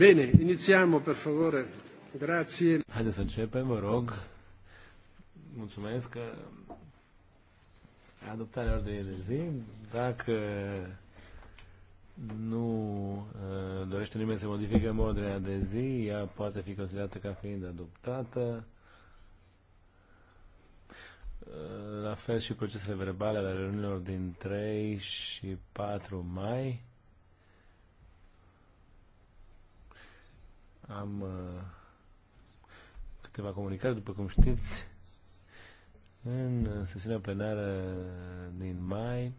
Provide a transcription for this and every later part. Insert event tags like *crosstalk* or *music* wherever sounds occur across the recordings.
Bine, inițiamo, per favore. Grazie. Haideți să începem, vă rog. Mulțumesc că adoptarea ordinii de zi, dacă nu uh, dorește nimeni să modifică ordinea de zi, ea poate fi considerată ca fiind adoptată. Uh, la fel și procesele verbale ale reuniunilor din 3 și 4 mai Am uh, câteva comunicări, după cum știți, în sesiunea plenară din mai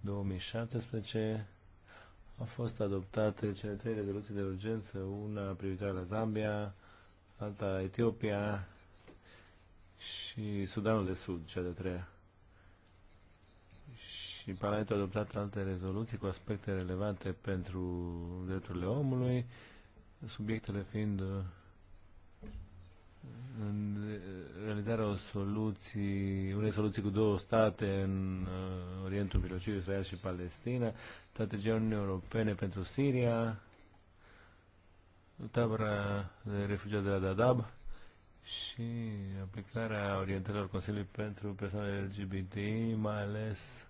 2017 au fost adoptate cele trei rezoluții de urgență, una privitoare la Zambia, alta Etiopia și Sudanul de Sud, cea de treia. Și Parlamentul a adoptat alte rezoluții cu aspecte relevante pentru drepturile omului, subiectele fiind uh, în realizarea o soluții, unei soluții cu două state în uh, Orientul Mijlociu, Israel și Palestina, strategia Uniunii Europene pentru Siria, tabăra de refugiați de la Dadab și aplicarea orientărilor Consiliului pentru persoanele LGBT, mai ales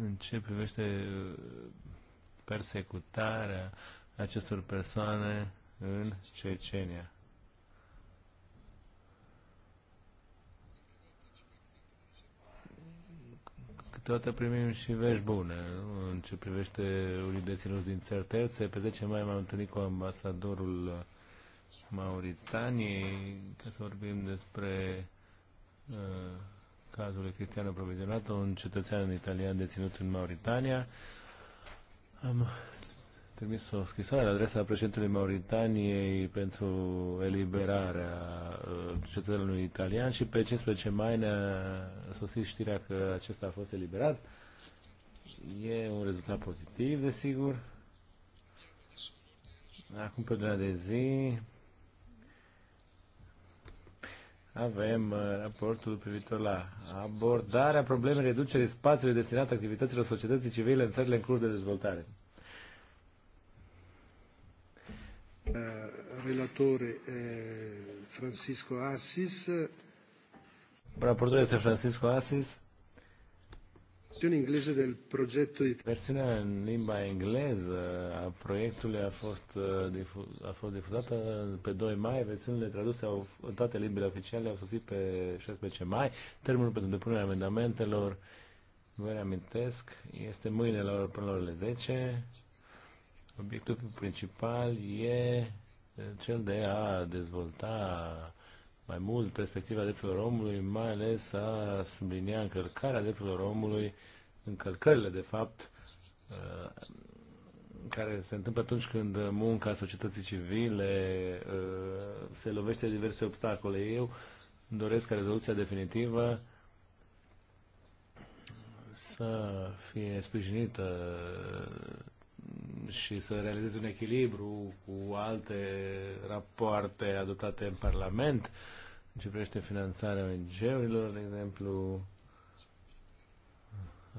în ce privește uh, persecutarea acestor persoane în Cecenia. Câteodată primim și vești bune nu? în ce privește unităților din țări terțe. Pe 10 mai m-am întâlnit cu ambasadorul Mauritaniei ca să vorbim despre uh, cazul Cristiano Provizionato, un cetățean italian deținut în Mauritania. Am trimis o scrisoare la adresa președintelui Mauritaniei pentru eliberarea uh, cetățenului italian și pe 15 mai ne-a sosit știrea că acesta a fost eliberat. E un rezultat pozitiv, desigur. Acum pe ordinea de zi avem uh, raportul privitor la abordarea problemei reducerii spațiului destinat activităților societății civile în țările în curs de dezvoltare. Eh, relatore eh, Francisco Assis. Raportul este Francisco Assis. Versiunea engleză del progetto Versiunea în limba engleză a proiectului a fost, eh, difuz, a fost difuzată pe 2 mai, versiunile traduse au, în toate limbile oficiale au sosit pe 16 mai. Termenul pentru depunerea amendamentelor, vă reamintesc, este mâine la ora, până la orele 10 Obiectivul principal e cel de a dezvolta mai mult perspectiva drepturilor omului, mai ales a sublinia încălcarea drepturilor omului, încălcările, de fapt, uh, care se întâmplă atunci când munca societății civile uh, se lovește de diverse obstacole. Eu doresc ca rezoluția definitivă să fie sprijinită și să realizeze un echilibru cu alte rapoarte adoptate în Parlament în ce privește finanțarea ONG-urilor, de exemplu.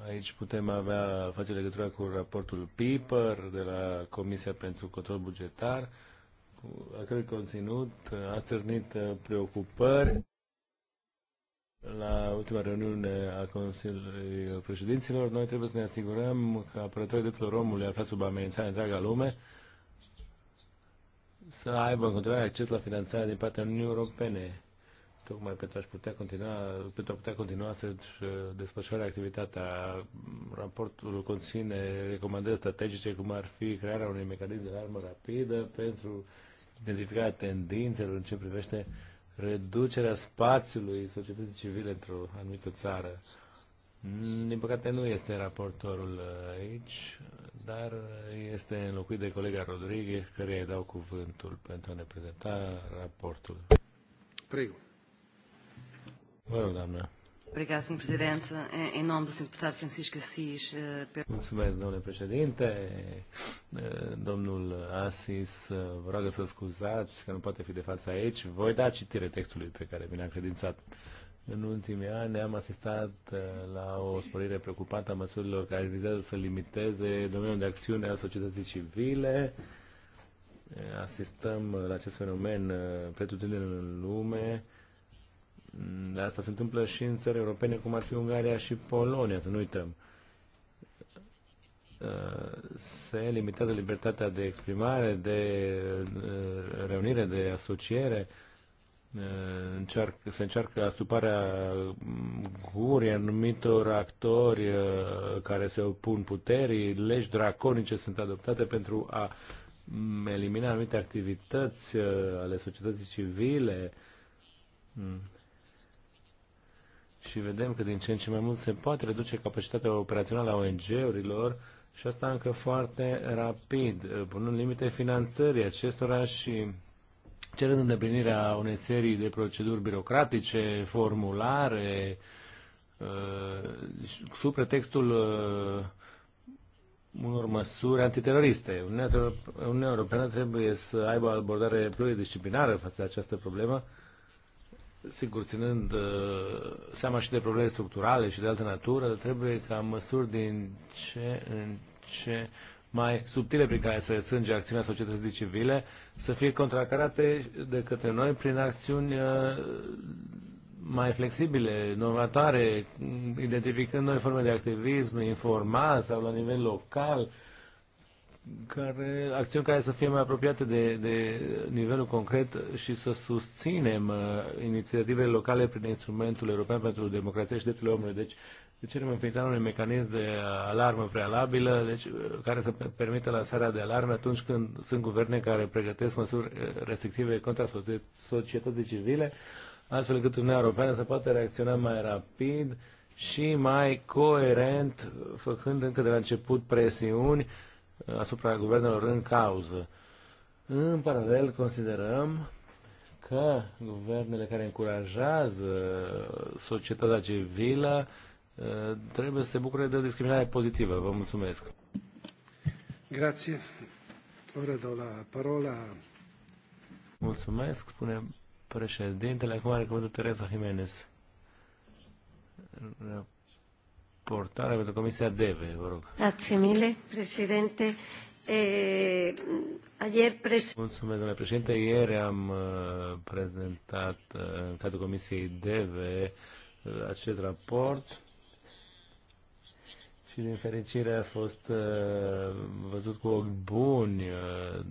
Aici putem avea, face legătura cu raportul PIPER de la Comisia pentru Control Bugetar, cu, conținut a stârnit preocupări la ultima reuniune a Consiliului Președinților, noi trebuie să ne asigurăm că apărătorii drepturilor omului aflați sub amenințare întreaga lume să aibă în continuare acces la finanțare din partea Uniunii Europene, tocmai pentru, a putea continua, pentru a putea continua să-și desfășoare activitatea. Raportul conține recomandări strategice, cum ar fi crearea unui mecanism de armă rapidă pentru identificarea tendințelor în ce privește uh, reducerea spațiului societății civile într-o anumită țară. Din păcate nu este raportorul aici, dar este înlocuit de colega Rodriguez, care îi dau cuvântul pentru a ne prezenta raportul. Prego. Vă rog, doamnă. Obrigada, Sr. Presidente. Em nome do Sr. Deputado Francisco Assis... Eh, Mulțumesc, domnule președinte. Eh, domnul Assis, eh, vă rog să scuzați că nu poate fi de față aici. Voi da citire textului pe care mi l-a credințat. În ultimii ani am asistat la o sporire preocupantă a măsurilor care vizează să limiteze domeniul de acțiune al societății civile. Asistăm la acest fenomen pretutindeni în lume dar asta se întâmplă și în țări europene, cum ar fi Ungaria și Polonia, să nu uităm. Uh, se limitează libertatea de exprimare, de uh, reunire, de asociere, uh, se încearcă astuparea gurii anumitor actori care se opun puterii, legi draconice sunt adoptate pentru a mm, elimina anumite activități ale societății civile. Mm și vedem că din ce în ce mai mult se poate reduce capacitatea operațională a ONG-urilor și asta încă foarte rapid, eh, punând limite finanțării acestora și cerând îndeplinirea unei serii de proceduri birocratice, formulare, eh, sub pretextul eh, unor măsuri antiteroriste. Uniunea Europeană trebuie să aibă abordare pluridisciplinară față de această problemă sigur, ținând uh, seama și de probleme structurale și de altă natură, trebuie ca măsuri din ce în ce mai subtile prin care se strânge acțiunea societății civile să fie contracarate de către noi prin acțiuni uh, mai flexibile, inovatoare, identificând noi forme de activism informal sau la nivel local, care, acțiuni care să fie mai apropiate de, de nivelul concret și să susținem uh, inițiativele locale prin instrumentul european pentru democrație și drepturile omului. Deci, de cerem înființarea unui mecanism de alarmă prealabilă, deci, uh, care să permită lansarea de alarme atunci când sunt guverne care pregătesc măsuri uh, restrictive contra societății civile, astfel încât Uniunea Europeană să poată reacționa mai rapid și mai coerent, făcând încă de la început presiuni Uh, asupra guvernelor în cauză. În paralel, considerăm că guvernele care încurajează societatea civilă uh, trebuie să se bucure de o discriminare pozitivă. Vă mulțumesc. Grazie. Ora dau la parola. Mulțumesc, spune președintele. Acum are cuvântul Teresa Jimenez portare pentru Comisia DEVE, vă rog. Grazie mille, președinte. E, eh, Mulțumesc, domnule președinte. Ieri am uh, prezentat uh, în cadrul Comisiei DEVE uh, acest raport și din fericire a fost văzut cu ochi buni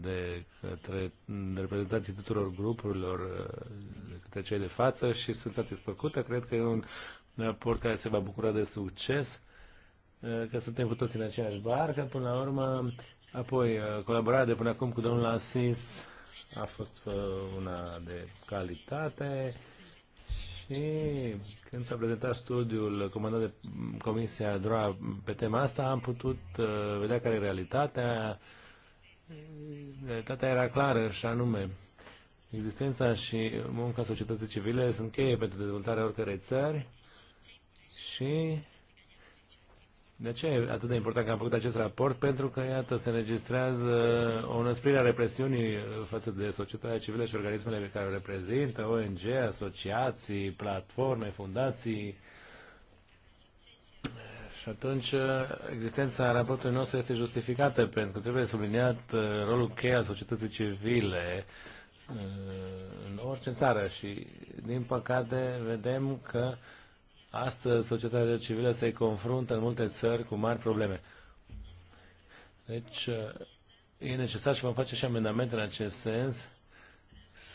de către reprezentanții tuturor grupurilor, de către cei de față și sunt satisfăcută. Cred că e un un raport care se va bucura de succes, eh, că suntem cu toții în aceeași barcă, până la urmă. Apoi, eh, colaborarea de până acum cu domnul Asis a fost eh, una de calitate și când s-a prezentat studiul comandat de Comisia DROA pe tema asta, am putut vedea care e realitatea. Realitatea era clară și anume, Existența și munca societății civile sunt cheie pentru dezvoltarea oricărei țări și de ce e atât de important că am făcut acest raport? Pentru că, iată, se înregistrează o înăsprire a represiunii față de societatea civilă și organismele pe care o reprezintă, ONG, asociații, platforme, fundații. Și atunci existența raportului nostru este justificată, pentru că trebuie subliniat uh, rolul cheie al societății civile uh, în orice țară și, din păcate, vedem că astăzi societatea civilă se confruntă în multe țări cu mari probleme. Deci e necesar și vom face și amendamente în acest sens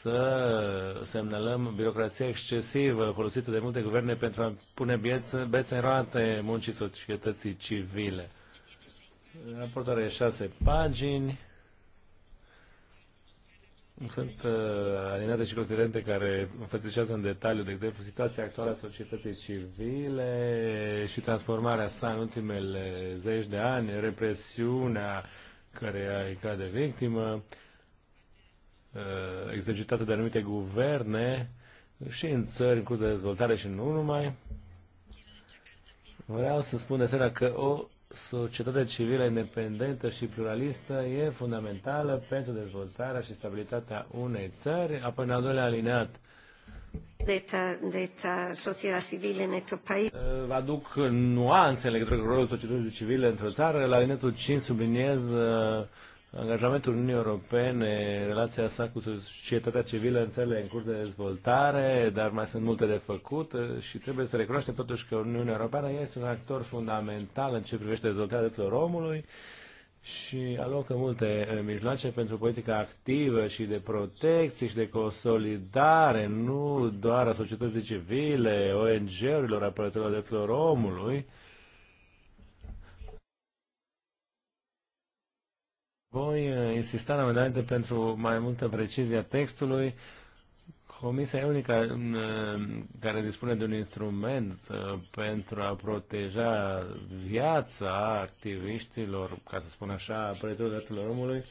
să semnalăm birocrația excesivă folosită de multe guverne pentru a pune bețe, în roate muncii societății civile. Raportarea e șase pagini. Sunt uh, alineate și considerente care înfățișează în detaliu, de exemplu, situația actuală a societății civile și transformarea sa în ultimele zeci de ani, represiunea care îi de victimă, uh, exercitată de anumite guverne și în țări în curs de dezvoltare și nu numai. Vreau să spun de asemenea că o societatea civilă independentă și pluralistă e fundamentală pentru dezvoltarea și stabilitatea unei țări. Apoi, în al doilea alineat, de esta, de esta sociedad civil en estos uh, Aduc nuanțe legătură cu rolul societății civile într-o țară. La alineatul 5 subliniez uh, angajamentul Uniunii Europene, relația sa cu societatea civilă în țările în curs de dezvoltare, dar mai sunt multe de făcut eh, și trebuie să recunoaștem totuși că Uniunea Europeană este un actor fundamental în ce privește dezvoltarea drepturilor omului și alocă multe eh, mijloace pentru politica activă și de protecție și de consolidare, nu doar a societății civile, ONG-urilor, apărătorilor drepturilor omului, Voi uh, insista la amendamente pentru mai multă precizie a textului. Comisia e unica uh, care dispune de un instrument uh, pentru a proteja viața activiștilor, ca să spun așa, apărătorilor drepturilor omului,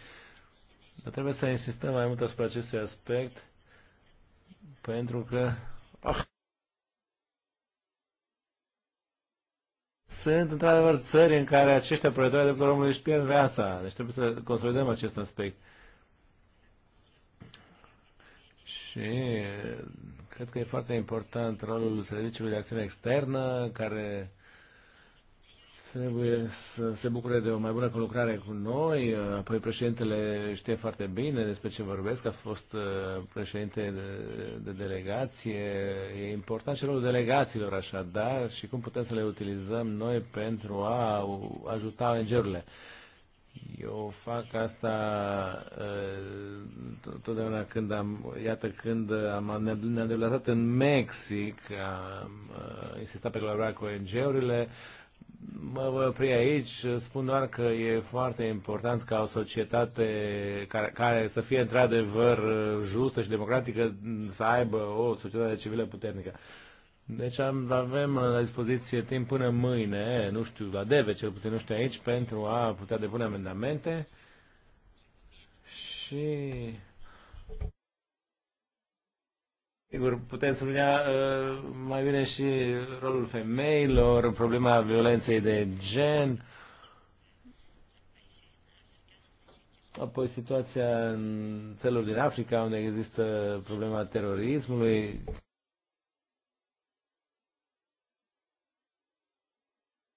dar trebuie să insistăm mai mult asupra acestui aspect, pentru că ah, sunt într-adevăr țări în care aceștia proiectori de omului își pierd viața. Deci trebuie să consolidăm acest aspect. Și cred că e foarte important rolul Serviciului de Acțiune Externă, care trebuie să se bucure de o mai bună colucrare cu noi. Apoi președintele știe foarte bine despre ce vorbesc, a fost uh, președinte de, de delegație. E important și rolul delegațiilor așadar și cum putem să le utilizăm noi pentru a ajuta ONG-urile. Eu fac asta uh, totdeauna când am, iată, când am ne-am deplasat în Mexic, am uh, insistat pe colaborarea cu ONG-urile, Mă voi opri aici, spun doar că e foarte important ca o societate care, care să fie într-adevăr justă și democratică să aibă o societate civilă puternică. Deci am, avem la dispoziție timp până mâine, nu știu, la DEVE cel puțin, nu știu aici, pentru a putea depune amendamente și Sigur, putem uh, mai bine și rolul femeilor, problema violenței de gen, apoi situația în țelor din Africa, unde există problema terorismului.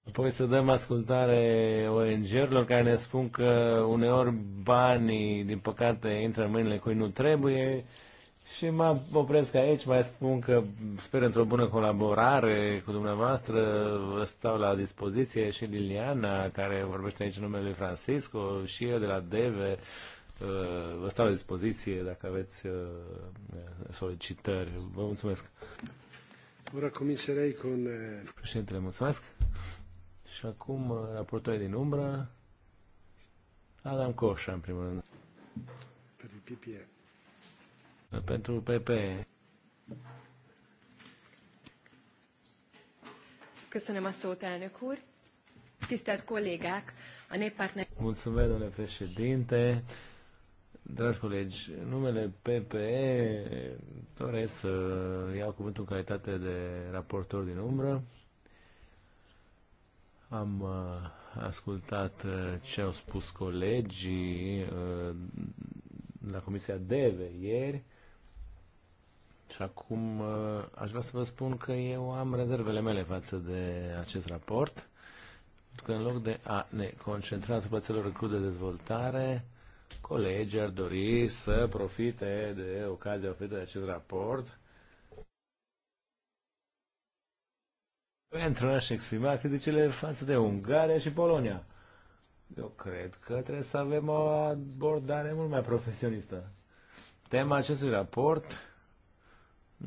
Apoi să dăm ascultare ONG-urilor care ne spun că uneori banii, din păcate, intră în mâinile cui nu trebuie și mă opresc aici, mai spun că sper într-o bună colaborare cu dumneavoastră, vă stau la dispoziție și Liliana, care vorbește aici în numele lui Francisco, și eu de la Deve, uh, vă stau la dispoziție dacă aveți uh, solicitări. Vă mulțumesc. Ora comincerei cu... Eh, Președintele, mulțumesc. Și acum uh, raportoare din umbră, Adam Coșa, în primul rând. Pe PPM pentru PP. Köszönöm a szót, elnök úr. Tisztelt kollégák, a néppártnek... Mulțumesc, domnule președinte. Dragi colegi, numele PPE doresc să iau cuvântul în calitate de raportor din umbră. Am uh, ascultat uh, ce au spus colegii uh, la Comisia DEVE ieri și acum uh, aș vrea să vă spun că eu am rezervele mele față de acest raport, pentru că în loc de a ne concentra asupra țelor în curs de dezvoltare, colegii ar dori să profite de ocazia oferită de acest raport pentru a-și exprima criticile față de Ungaria și Polonia. Eu cred că trebuie să avem o abordare mult mai profesionistă. Tema acestui raport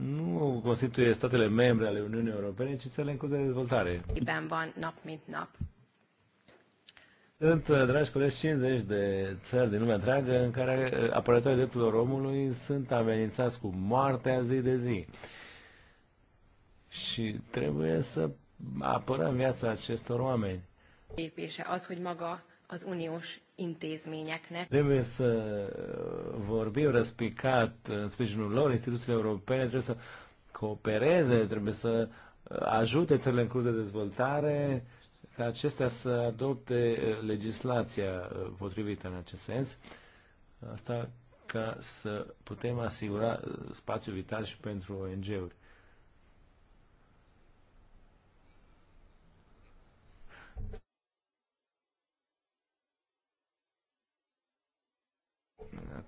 nu constituie statele membre ale Uniunii Europene, ci țările în curs de dezvoltare. Sunt, uh, dragi colegi, 50 de țări din lumea întreagă în care uh, apărătorii drepturilor omului sunt amenințați cu moartea zi de zi. Și trebuie să apărăm viața acestor oameni. Lépése az, hogy maga az uniós intézményeknek. Trebuie să uh, vorbim răspicat uh, în sprijinul lor, instituțiile europene trebuie să coopereze, trebuie să uh, ajute țările în curs de dezvoltare ca acestea să adopte legislația potrivită în acest sens. Asta ca să putem asigura spațiu vital și pentru ONG-uri.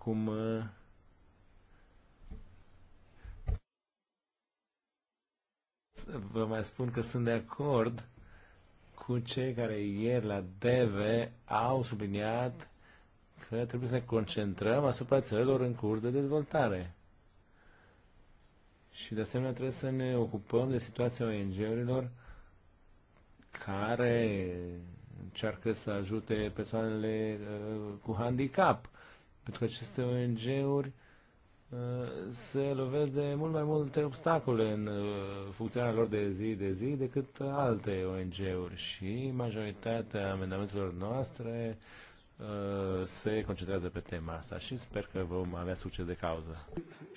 Acum uh, vă mai spun că sunt de acord cu cei care ieri la DV au subliniat că trebuie să ne concentrăm asupra țărilor în curs de dezvoltare. Și de asemenea trebuie să ne ocupăm de situația ONG-urilor care încearcă să ajute persoanele uh, cu handicap pentru că aceste ONG-uri uh, se lovesc de mult mai multe obstacole în uh, funcționarea lor de zi de zi decât alte ONG-uri și majoritatea amendamentelor noastre uh, se concentrează pe tema asta și sper că vom avea succes de cauză.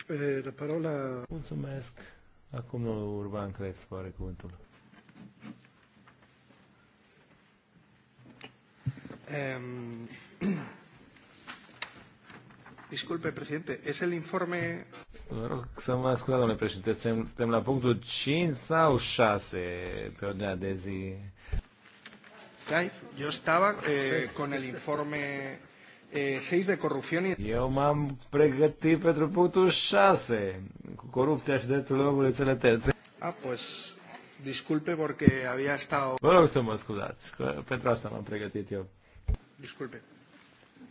Eh, la parola... Mulțumesc. Acum Urban Crespo are cuvântul. Um... *clears throat* Disculpe, președinte, es el informe... Vă rog să mă ascultă, domnule președinte, suntem la punctul 5 sau 6 pe ordinea de zi? Eu stava cu el informe 6 eh, de corupție. Eu m-am pregătit pentru punctul 6, cu corupția și dreptul omului în terțe. A, ah, pues, disculpe porque había estado... Vă rog să mă scuzați, că pentru asta m-am pregătit eu. Disculpe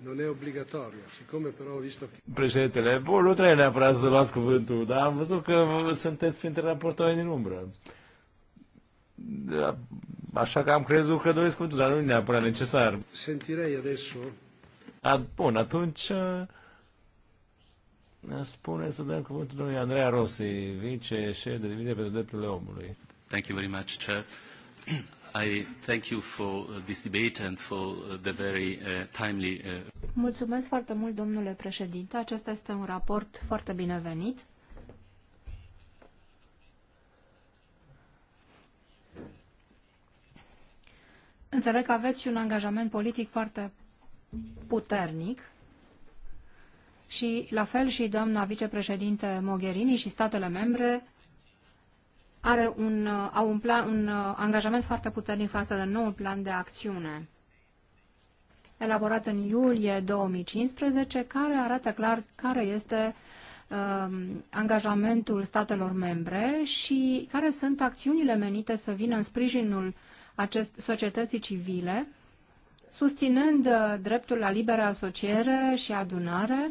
non è obbligatorio, siccome però ho visto che... Președintele, bun, nu trebuie neapărat să luați cuvântul, dar am văzut că sunteți printre raportoare din umbră. Da, așa că am crezut că doriți cuvântul, dar nu e neapărat necesar. Sentirei adesso... A, bun, atunci... Uh, spune să dăm cuvântul lui Andreea Rossi, vice-șef de divizie pentru drepturile omului. Thank you very much, Chair. I thank you for uh, this debate and for uh, the very uh, timely. Uh... Mulțumesc foarte mult, domnule președinte. Acesta este un raport foarte binevenit. Înțeleg că aveți și un angajament politic foarte puternic și la fel și doamna vicepreședinte Mogherini și statele membre are un, uh, au un, plan, un uh, angajament foarte puternic față de noul plan de acțiune elaborat în iulie 2015, care arată clar care este um, angajamentul statelor membre și care sunt acțiunile menite să vină în sprijinul acest, societății civile, susținând uh, dreptul la liberă asociere și adunare,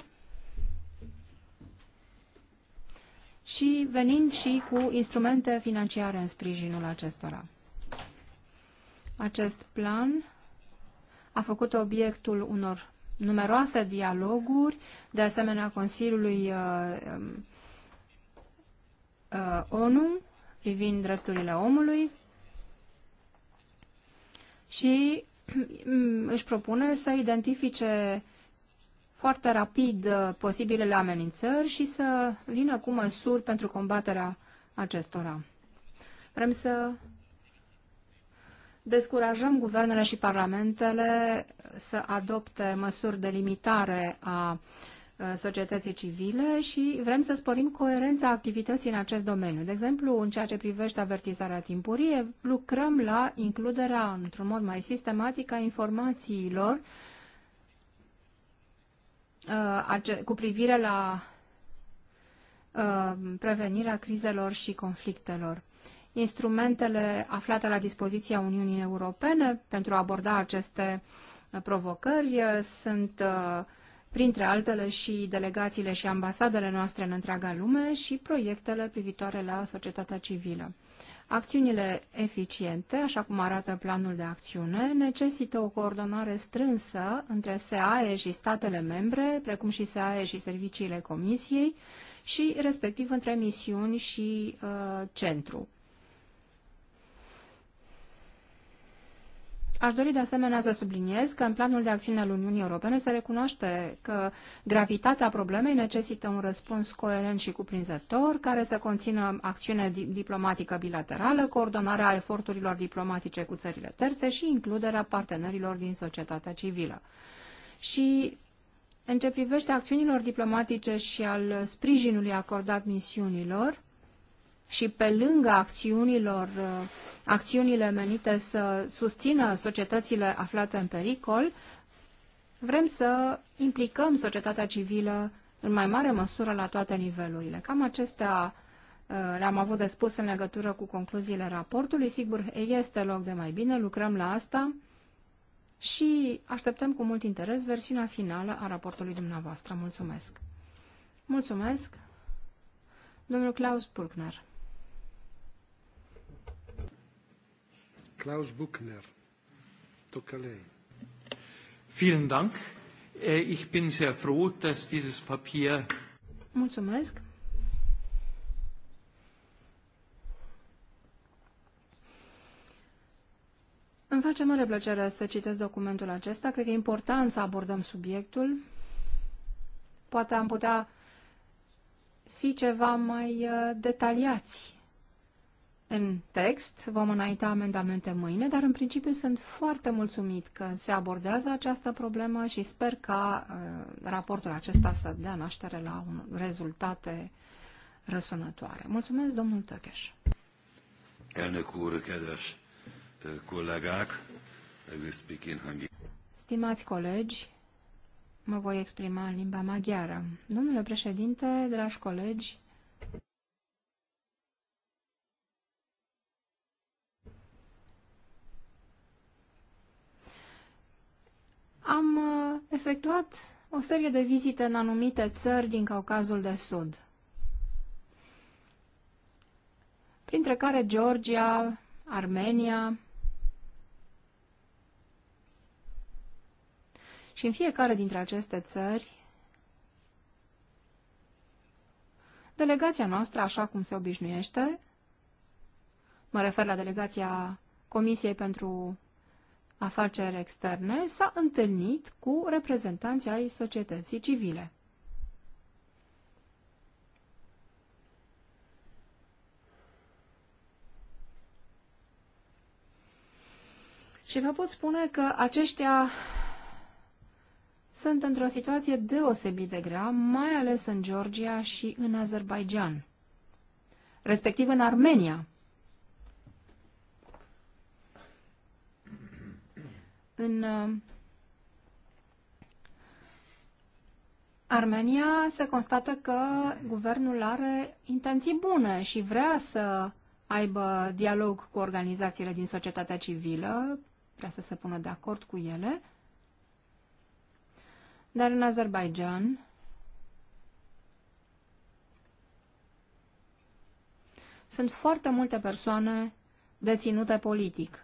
și venind și cu instrumente financiare în sprijinul acestora. Acest plan a făcut obiectul unor numeroase dialoguri, de asemenea Consiliului uh, um, uh, ONU privind drepturile omului și *clears throat* își propune să identifice foarte rapid uh, posibilele amenințări și să vină cu măsuri pentru combaterea acestora. Vrem să descurajăm guvernele și parlamentele să adopte măsuri de limitare a uh, societății civile și vrem să sporim coerența activității în acest domeniu. De exemplu, în ceea ce privește avertizarea timpurie, lucrăm la includerea, într-un mod mai sistematic, a informațiilor Uh, cu privire la uh, prevenirea crizelor și conflictelor. Instrumentele aflate la dispoziția Uniunii Europene pentru a aborda aceste uh, provocări sunt, printre altele, și delegațiile și ambasadele noastre în întreaga lume și proiectele privitoare la societatea civilă. Acțiunile eficiente, așa cum arată planul de acțiune, necesită o coordonare strânsă între SAE și statele membre, precum și SAE și serviciile Comisiei, și respectiv între misiuni și uh, centru. Aș dori de asemenea să subliniez că în planul de acțiune al Uniunii Europene se recunoaște că gravitatea problemei necesită un răspuns coerent și cuprinzător, care să conțină acțiune diplomatică bilaterală, coordonarea eforturilor diplomatice cu țările terțe și includerea partenerilor din societatea civilă. Și în ce privește acțiunilor diplomatice și al sprijinului acordat misiunilor, și pe lângă acțiunilor, uh, acțiunile menite să susțină societățile aflate în pericol, vrem să implicăm societatea civilă în mai mare măsură la toate nivelurile. Cam acestea uh, le-am avut de spus în legătură cu concluziile raportului. Sigur, este loc de mai bine, lucrăm la asta și așteptăm cu mult interes versiunea finală a raportului dumneavoastră. Mulțumesc! Mulțumesc, domnul Klaus Pulkner. Klaus Buchner. Tokalei. Vielen Dank. Äh, ich bin sehr froh, dass dieses Papier. Mulțumesc. Îmi face mare plăcere să citesc documentul acesta. Cred că e important să abordăm subiectul. Poate am putea fi ceva mai uh, detaliați în text, vom înainta amendamente mâine, dar în principiu sunt foarte mulțumit că se abordează această problemă și sper ca uh, raportul acesta să dea naștere la un rezultate răsunătoare. Mulțumesc, domnul Tăcheș. Elnök úr, kedves uh, kollégák, uh, Stimați colegi, mă voi exprima în limba maghiară. Domnule președinte, dragi colegi, Am uh, efectuat o serie de vizite în anumite țări din Caucazul de Sud, printre care Georgia, Armenia, Și în fiecare dintre aceste țări, delegația noastră, așa cum se obișnuiește, mă refer la delegația Comisiei pentru Afaceri Externe s-a întâlnit cu reprezentanții ai societății civile. Și vă pot spune că aceștia sunt într-o situație deosebit de grea, mai ales în Georgia și în Azerbaijan, respectiv în Armenia, În uh, Armenia se constată că guvernul are intenții bune și vrea să aibă dialog cu organizațiile din societatea civilă, vrea să se pună de acord cu ele. Dar în Azerbaijan sunt foarte multe persoane deținute politic.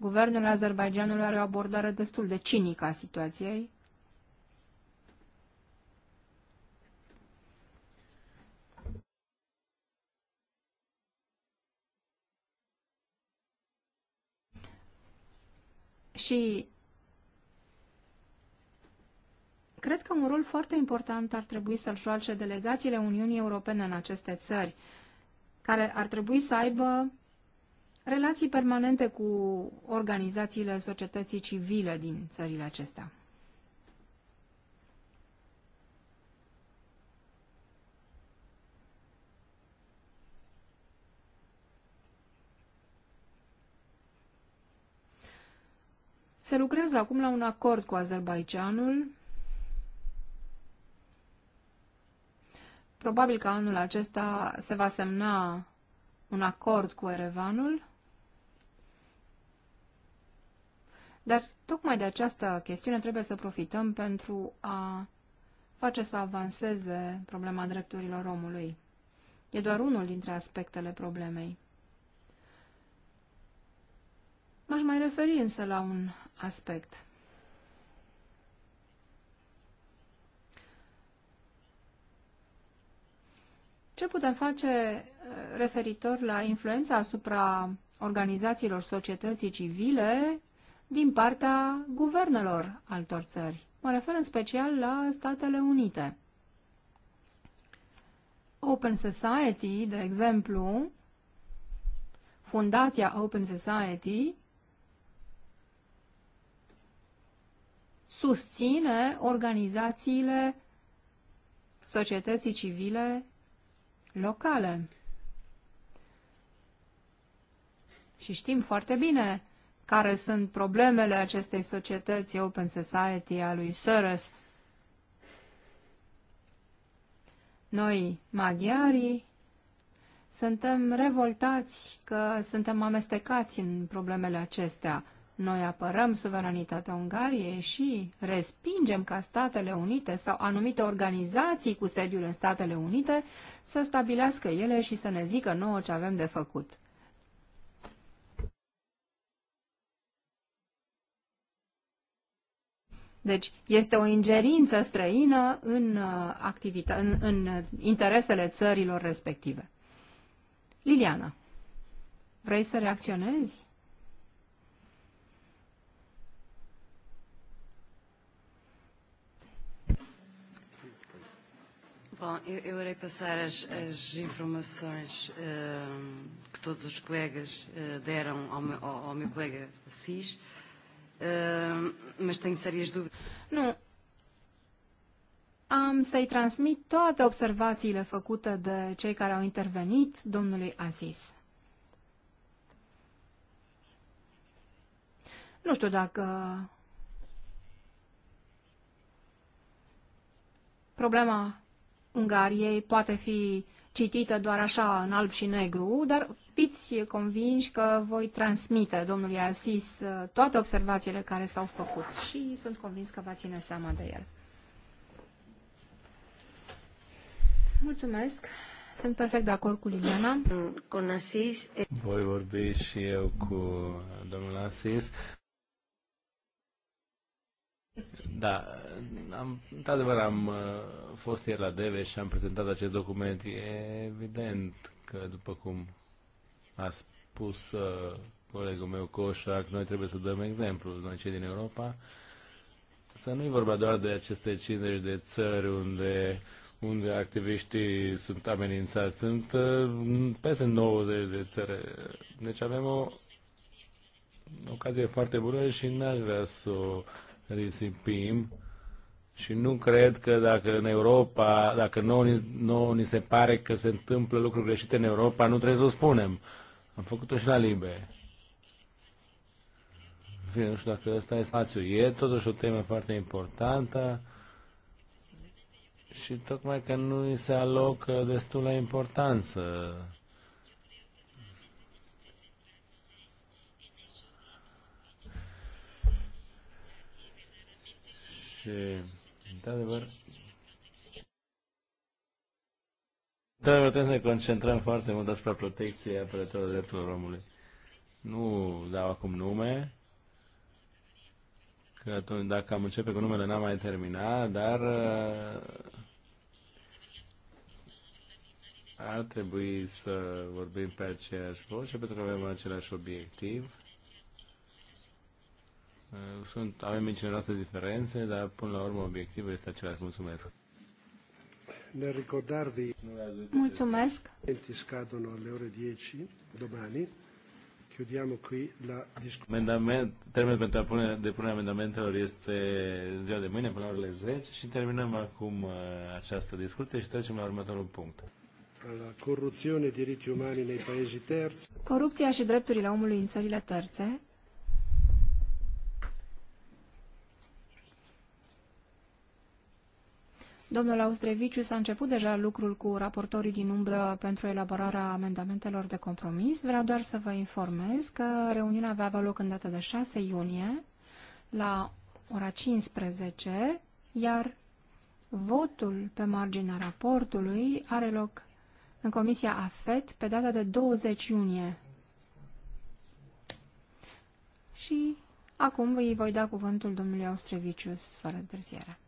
Guvernul Azerbaijanului are o abordare destul de cinică a situației. Și cred că un rol foarte important ar trebui să-l joace delegațiile Uniunii Europene în aceste țări, care ar trebui să aibă relații permanente cu organizațiile societății civile din țările acestea. Se lucrează acum la un acord cu Azerbaijanul. Probabil că anul acesta se va semna un acord cu Erevanul. Dar tocmai de această chestiune trebuie să profităm pentru a face să avanseze problema drepturilor omului. E doar unul dintre aspectele problemei. M-aș mai referi însă la un aspect. Ce putem face eh, referitor la influența asupra organizațiilor societății civile din partea guvernelor altor țări. Mă refer în special la Statele Unite. Open Society, de exemplu, fundația Open Society susține organizațiile societății civile locale. Și știm foarte bine care sunt problemele acestei societăți Open Society a lui Soros. Noi, maghiarii, suntem revoltați că suntem amestecați în problemele acestea. Noi apărăm suveranitatea Ungariei și respingem ca Statele Unite sau anumite organizații cu sediul în Statele Unite să stabilească ele și să ne zică nouă ce avem de făcut. Deci este o ingerință străină în, uh, activita- în, în interesele țărilor respective. Liliana, vrei să reacționezi? Bom, eu, eu irei passar as, as informações uh, que todos os colegas uh, deram ao meu, ao, ao meu colega Assis. Uh, Ehm, mas tenho sérias dúvidas. Nu. Am să-i transmit toate observațiile făcute de cei care au intervenit domnului Aziz. Nu știu dacă problema Ungariei poate fi citită doar așa în alb și negru, dar fiți convinși că voi transmite domnului Asis uh, toate observațiile care s-au făcut și sunt convins că va ține seama de el. Mulțumesc. Sunt perfect de acord cu Liliana. Mm, voi vorbi și eu cu domnul Asis. Da, am, într-adevăr am uh, fost ieri la Deve și am prezentat acest document. E evident că, după cum a spus uh, colegul meu Coșac, noi trebuie să dăm exemplu, noi cei din Europa, să nu-i vorba doar de aceste 50 de țări unde unde activiștii sunt amenințați. Sunt uh, peste 90 de țări. Deci avem o ocazie foarte bună și n-aș vrea să o risipim și nu cred că dacă în Europa, dacă nu, nu ni se pare că se întâmplă lucruri greșite în Europa, nu trebuie să o spunem. Am făcut-o și la Libe. nu știu dacă ăsta e spațiu. E totuși o temă foarte importantă și tocmai că nu îi se alocă destulă importanță într-adevăr, într-adevăr trebuie să ne concentrăm foarte mult asupra protecției apărătorilor drepturilor omului. Nu dau acum nume, că atunci, dacă am începe cu numele n-am mai terminat, dar uh, ar trebui să vorbim pe aceeași voce pentru că avem același obiectiv Eh, sunt, avem mici diferențe, dar până la urmă obiectivul este același. Mulțumesc! Nel ricordarvi Mulțumesc. Enti scadono alle ore 10 domani. Chiudiamo qui la discussione. Termenul pentru a pune, depunerea amendamentelor este ziua de mâine până la orele 10 și terminăm acum eh, această discuție și trecem la următorul punct. La corupție, diritti umani nei paesi terzi. Corupția și drepturile omului în țările terțe. Domnul Austreviciu s-a început deja lucrul cu raportorii din umbră pentru elaborarea amendamentelor de compromis. Vreau doar să vă informez că reuniunea va avea loc în data de 6 iunie la ora 15, iar votul pe marginea raportului are loc în Comisia AFET pe data de 20 iunie. Și acum îi voi da cuvântul domnului Austrevicius fără întârziere.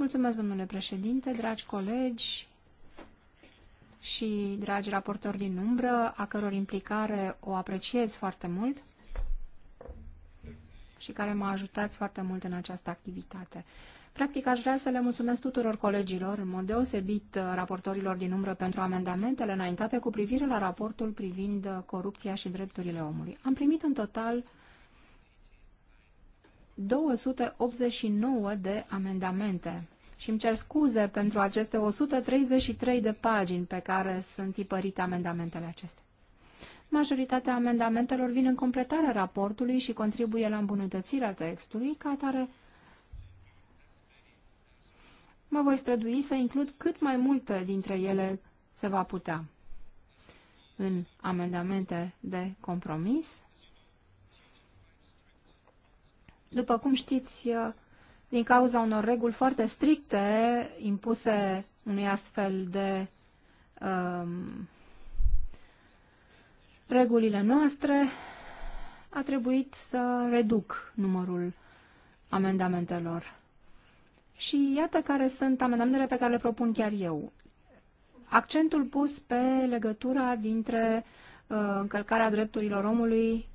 Mulțumesc, domnule președinte, dragi colegi și dragi raportori din umbră, a căror implicare o apreciez foarte mult și care m-a ajutat foarte mult în această activitate. Practic, aș vrea să le mulțumesc tuturor colegilor, în mod deosebit raportorilor din umbră, pentru amendamentele înaintate cu privire la raportul privind corupția și drepturile omului. Am primit în total 289 de amendamente și îmi cer scuze pentru aceste 133 de pagini pe care sunt tipărite amendamentele acestea. Majoritatea amendamentelor vin în completarea raportului și contribuie la îmbunătățirea textului, ca atare mă voi strădui să includ cât mai multe dintre ele se va putea în amendamente de compromis. După cum știți, din cauza unor reguli foarte stricte impuse unui astfel de um, regulile noastre, a trebuit să reduc numărul amendamentelor. Și iată care sunt amendamentele pe care le propun chiar eu. Accentul pus pe legătura dintre uh, încălcarea drepturilor omului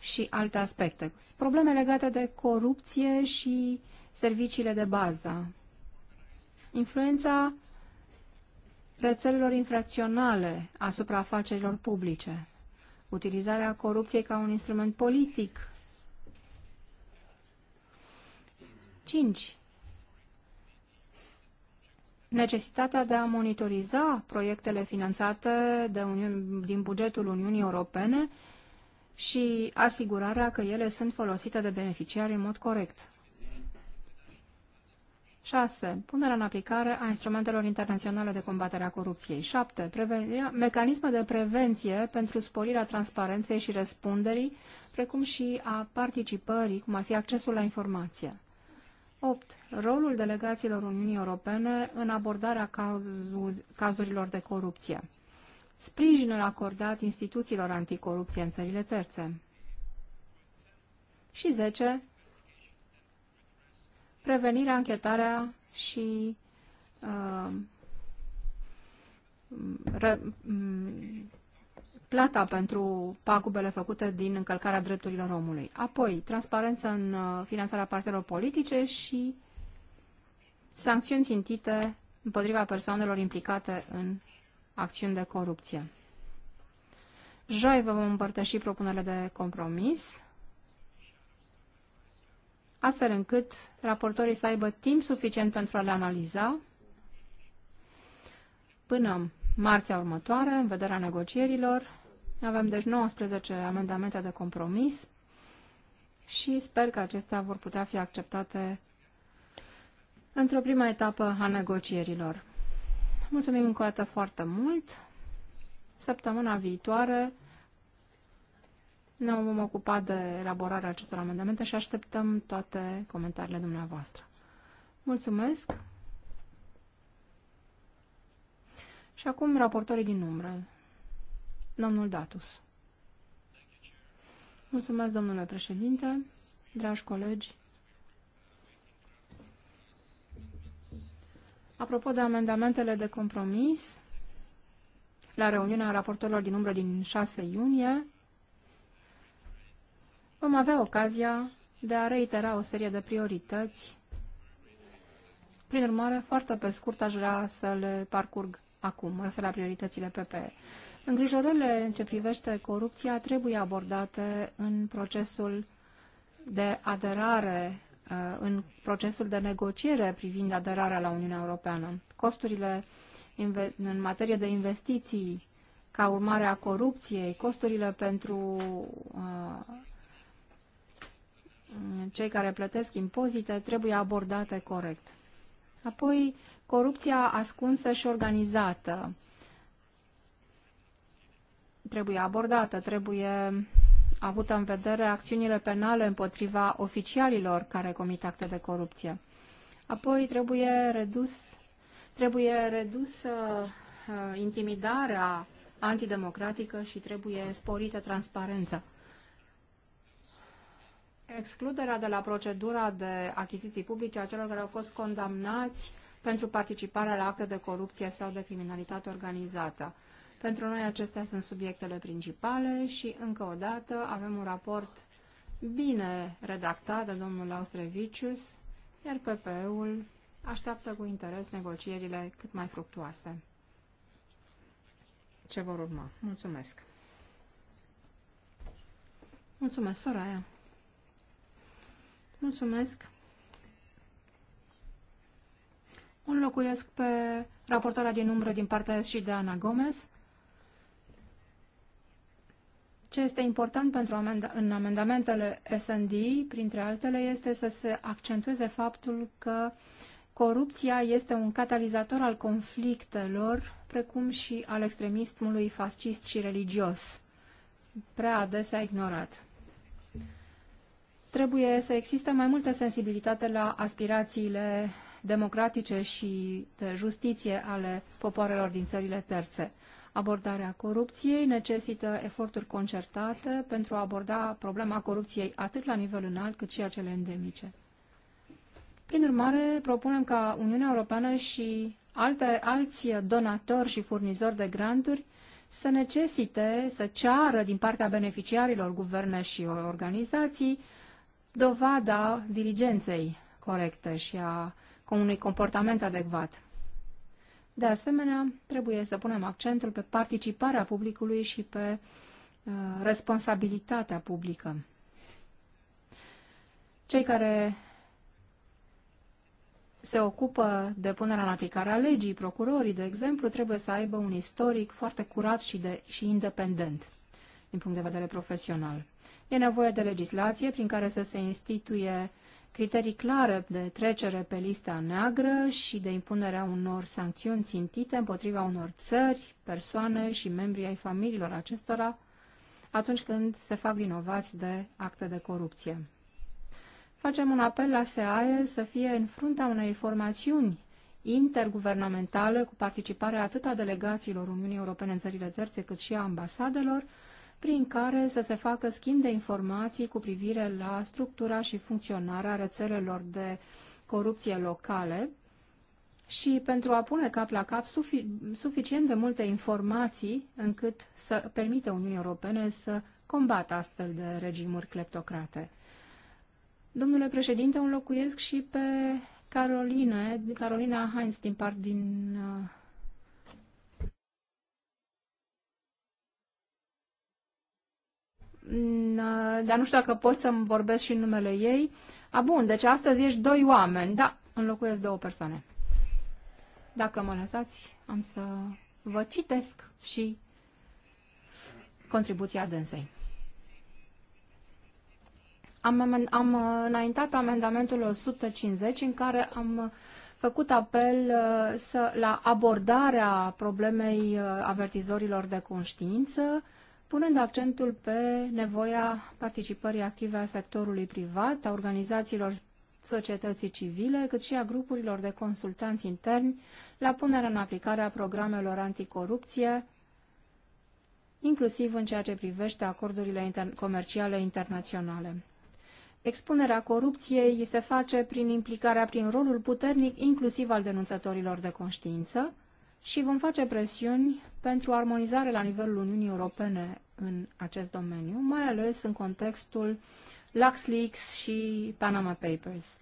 și alte aspecte. Probleme legate de corupție și serviciile de bază. Influența rețelelor infracționale asupra afacerilor publice. Utilizarea corupției ca un instrument politic. 5. Necesitatea de a monitoriza proiectele finanțate de Uniun, din bugetul Uniunii Europene și asigurarea că ele sunt folosite de beneficiari în mod corect. 6. Punerea în aplicare a instrumentelor internaționale de combatere a corupției. 7. Mecanisme de prevenție pentru sporirea transparenței și răspunderii, precum și a participării, cum ar fi accesul la informație. 8. Rolul delegațiilor Uniunii Europene în abordarea cazurilor de corupție sprijinul acordat instituțiilor anticorupție în țările terțe. Și 10. Prevenirea, anchetarea și uh, ră, plata pentru pagubele făcute din încălcarea drepturilor omului. Apoi, transparență în uh, finanțarea partelor politice și sancțiuni țintite împotriva persoanelor implicate în acțiuni de corupție. Joi vă vom împărtăși propunerile de compromis, astfel încât raportorii să aibă timp suficient pentru a le analiza până marțea următoare, în vederea negocierilor. Avem deci 19 amendamente de compromis și sper că acestea vor putea fi acceptate într-o prima etapă a negocierilor. Mulțumim încă o dată foarte mult. Săptămâna viitoare ne vom ocupa de elaborarea acestor amendamente și așteptăm toate comentariile dumneavoastră. Mulțumesc! Și acum raportorii din umbră. Domnul Datus. Mulțumesc, domnule președinte, dragi colegi. Apropo de amendamentele de compromis, la reuniunea raportorilor din umbră din 6 iunie, vom avea ocazia de a reitera o serie de priorități. Prin urmare, foarte pe scurt aș vrea să le parcurg acum, mă refer la prioritățile PPE. Îngrijorările în ce privește corupția trebuie abordate în procesul de aderare Uh, în procesul de negociere privind aderarea la Uniunea Europeană. Costurile în materie de investiții ca urmare a corupției, costurile pentru uh, cei care plătesc impozite trebuie abordate corect. Apoi, corupția ascunsă și organizată trebuie abordată, trebuie avut în vedere acțiunile penale împotriva oficialilor care comit acte de corupție. Apoi trebuie redus, trebuie redusă uh, intimidarea antidemocratică și trebuie sporită transparența. Excluderea de la procedura de achiziții publice a celor care au fost condamnați pentru participarea la acte de corupție sau de criminalitate organizată. Pentru noi acestea sunt subiectele principale și, încă o dată, avem un raport bine redactat de domnul Austrevicius, iar PPE-ul așteaptă cu interes negocierile cât mai fructuoase. Ce vor urma? Mulțumesc! Mulțumesc, Soraya! Mulțumesc! Înlocuiesc pe raportarea din umbră din partea și de Ana Gomez. Ce este important pentru amend în amendamentele S&D, printre altele, este să se accentueze faptul că corupția este un catalizator al conflictelor, precum și al extremismului fascist și religios, prea adesea ignorat. Trebuie să existe mai multă sensibilitate la aspirațiile democratice și de justiție ale popoarelor din țările terțe. Abordarea corupției necesită eforturi concertate pentru a aborda problema corupției atât la nivel înalt cât și a cele endemice. Prin urmare, propunem ca Uniunea Europeană și alte, alți donatori și furnizori de granturi să necesite, să ceară din partea beneficiarilor, guverne și organizații, dovada diligenței corecte și a unui comportament adecvat. De asemenea, trebuie să punem accentul pe participarea publicului și pe uh, responsabilitatea publică. Cei care se ocupă de punerea în aplicare a legii, procurorii, de exemplu, trebuie să aibă un istoric foarte curat și, de, și independent din punct de vedere profesional. E nevoie de legislație prin care să se instituie uh, criterii clare de trecere pe lista neagră și de impunerea unor sancțiuni țintite împotriva unor țări, persoane și membrii ai familiilor acestora atunci când se fac vinovați de acte de corupție. Facem un apel la SEAE să fie în fruntea unei formațiuni interguvernamentale cu participarea atât a delegațiilor Uniunii Europene în țările terțe cât și a ambasadelor, prin care să se facă schimb de informații cu privire la structura și funcționarea rețelelor de corupție locale și pentru a pune cap la cap sufi suficient de multe informații încât să permită Uniunii Europene să combată astfel de regimuri cleptocrate. Domnule președinte, înlocuiesc și pe Caroline, Carolina Heinz din, part, din uh, Mm, uh, dar nu știu dacă pot să-mi vorbesc și în numele ei. A, bun, deci astăzi ești doi oameni, da, înlocuiesc două persoane. Dacă mă lăsați, am să vă citesc și contribuția dânsei. Am, am uh, înaintat amendamentul 150 în care am uh, făcut apel să, la abordarea problemei avertizorilor de conștiință, punând accentul pe nevoia participării active a sectorului privat, a organizațiilor societății civile, cât și a grupurilor de consultanți interni la punerea în aplicare a programelor anticorupție, inclusiv în ceea ce privește acordurile inter comerciale internaționale. Expunerea corupției se face prin implicarea prin rolul puternic inclusiv al denunțătorilor de conștiință, și vom face presiuni pentru armonizare la nivelul Uniunii Europene în acest domeniu, mai ales în contextul LuxLeaks și Panama Papers.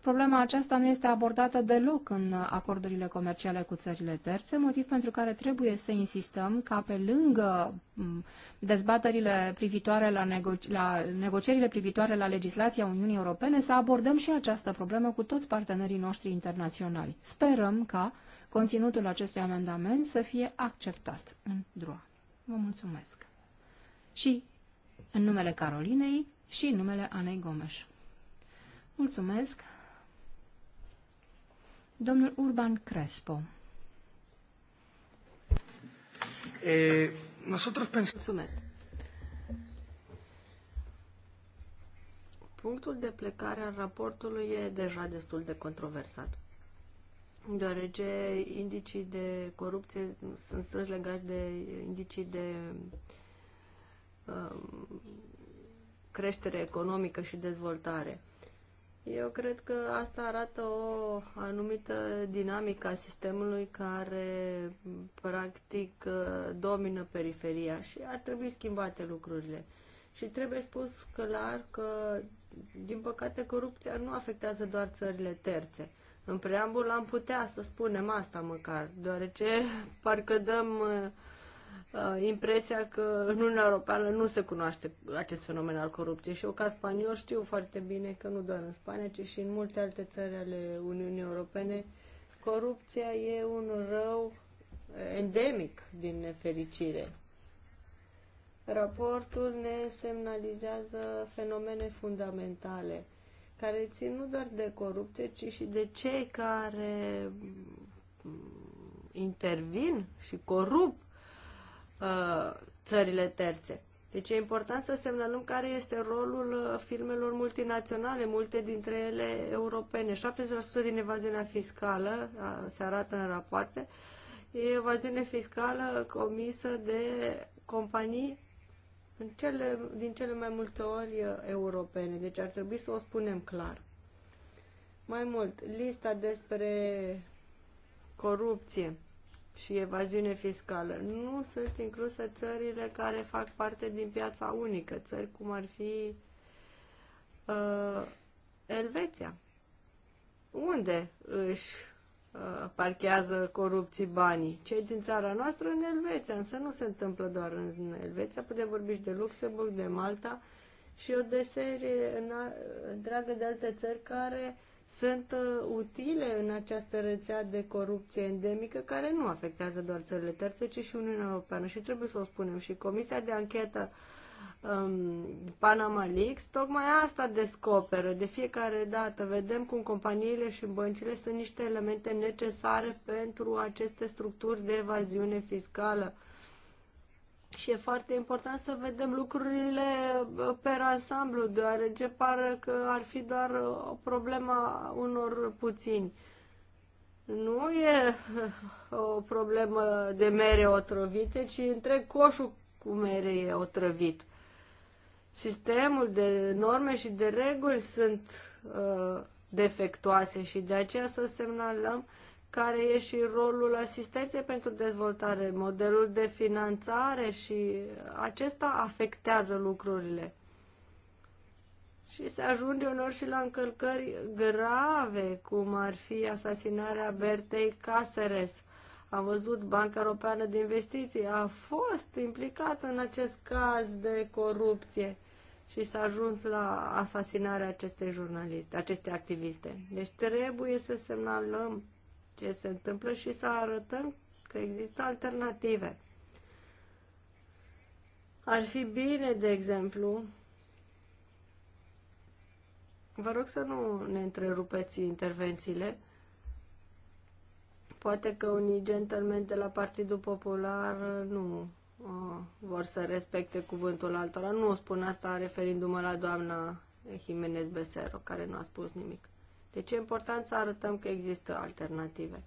Problema aceasta nu este abordată deloc în acordurile comerciale cu țările terțe, motiv pentru care trebuie să insistăm ca pe lângă dezbaterile privitoare la, nego- la negocierile privitoare la legislația Uniunii Europene să abordăm și această problemă cu toți partenerii noștri internaționali. Sperăm ca conținutul acestui amendament să fie acceptat în DROA. Vă mulțumesc. Și în numele Carolinei și în numele Anei Gomes. Mulțumesc! Domnul Urban Crespo. E, nosotros pens- Mulțumesc. Punctul de plecare al raportului e deja destul de controversat, deoarece indicii de corupție sunt strâns legați de indicii de uh, creștere economică și dezvoltare. Eu cred că asta arată o anumită dinamică a sistemului care practic domină periferia și ar trebui schimbate lucrurile. Și trebuie spus clar că, din păcate, corupția nu afectează doar țările terțe. În preambul am putea să spunem asta măcar, deoarece parcă dăm uh, uh, impresia că în Uniunea Europeană nu se cunoaște acest fenomen al corupției și eu ca spaniol știu foarte bine că nu doar în Spania, ci și în multe alte țări ale Uniunii Europene corupția e un rău endemic din nefericire. Raportul ne semnalizează fenomene fundamentale care țin nu doar de corupție, ci și de cei care intervin și corup uh, țările terțe. Deci e important să semnalăm care este rolul uh, firmelor multinaționale, multe dintre ele europene. 70% din evaziunea fiscală, uh, se arată în rapoarte, e evaziune fiscală comisă de companii în cele, din cele mai multe ori uh, europene. Deci ar trebui să o spunem clar. Mai mult, lista despre corupție și evaziune fiscală. Nu sunt incluse țările care fac parte din piața unică, țări cum ar fi uh, Elveția. Unde își uh, parchează corupții banii? Cei din țara noastră în Elveția, însă nu se întâmplă doar în Elveția, putem vorbi și de Luxemburg, de Malta și o de serie întreagă de alte țări care sunt uh, utile în această rețea de corupție endemică care nu afectează doar țările terțe, ci și Uniunea Europeană. Și trebuie să o spunem. Și Comisia de Anchetă um, Panama Leaks tocmai asta descoperă. De fiecare dată vedem cum companiile și băncile sunt niște elemente necesare pentru aceste structuri de evaziune fiscală și e foarte important să vedem lucrurile pe ansamblu, deoarece pare că ar fi doar uh, o problemă unor puțini. Nu e *laughs* o problemă de mere otrăvite, ci întreg coșul cu mere e otrăvit. Sistemul de norme și de reguli sunt uh, defectuoase și de aceea să semnalăm care e și rolul asistenței pentru dezvoltare, modelul de finanțare și acesta afectează lucrurile. Și se ajunge unor și la încălcări grave, cum ar fi asasinarea Bertei Caseres. Am văzut Banca Europeană de Investiții a fost implicată în acest caz de corupție și s-a ajuns la asasinarea acestei jurnaliste, acestei activiste. Deci trebuie să semnalăm ce se întâmplă și să arătăm că există alternative. Ar fi bine, de exemplu, vă rog să nu ne întrerupeți intervențiile. Poate că unii gentlemen de la Partidul Popular uh, nu uh, vor să respecte cuvântul altora. Nu spun asta referindu-mă la doamna Jimenez Besero, care nu a spus nimic. Deci e important să arătăm că există alternative.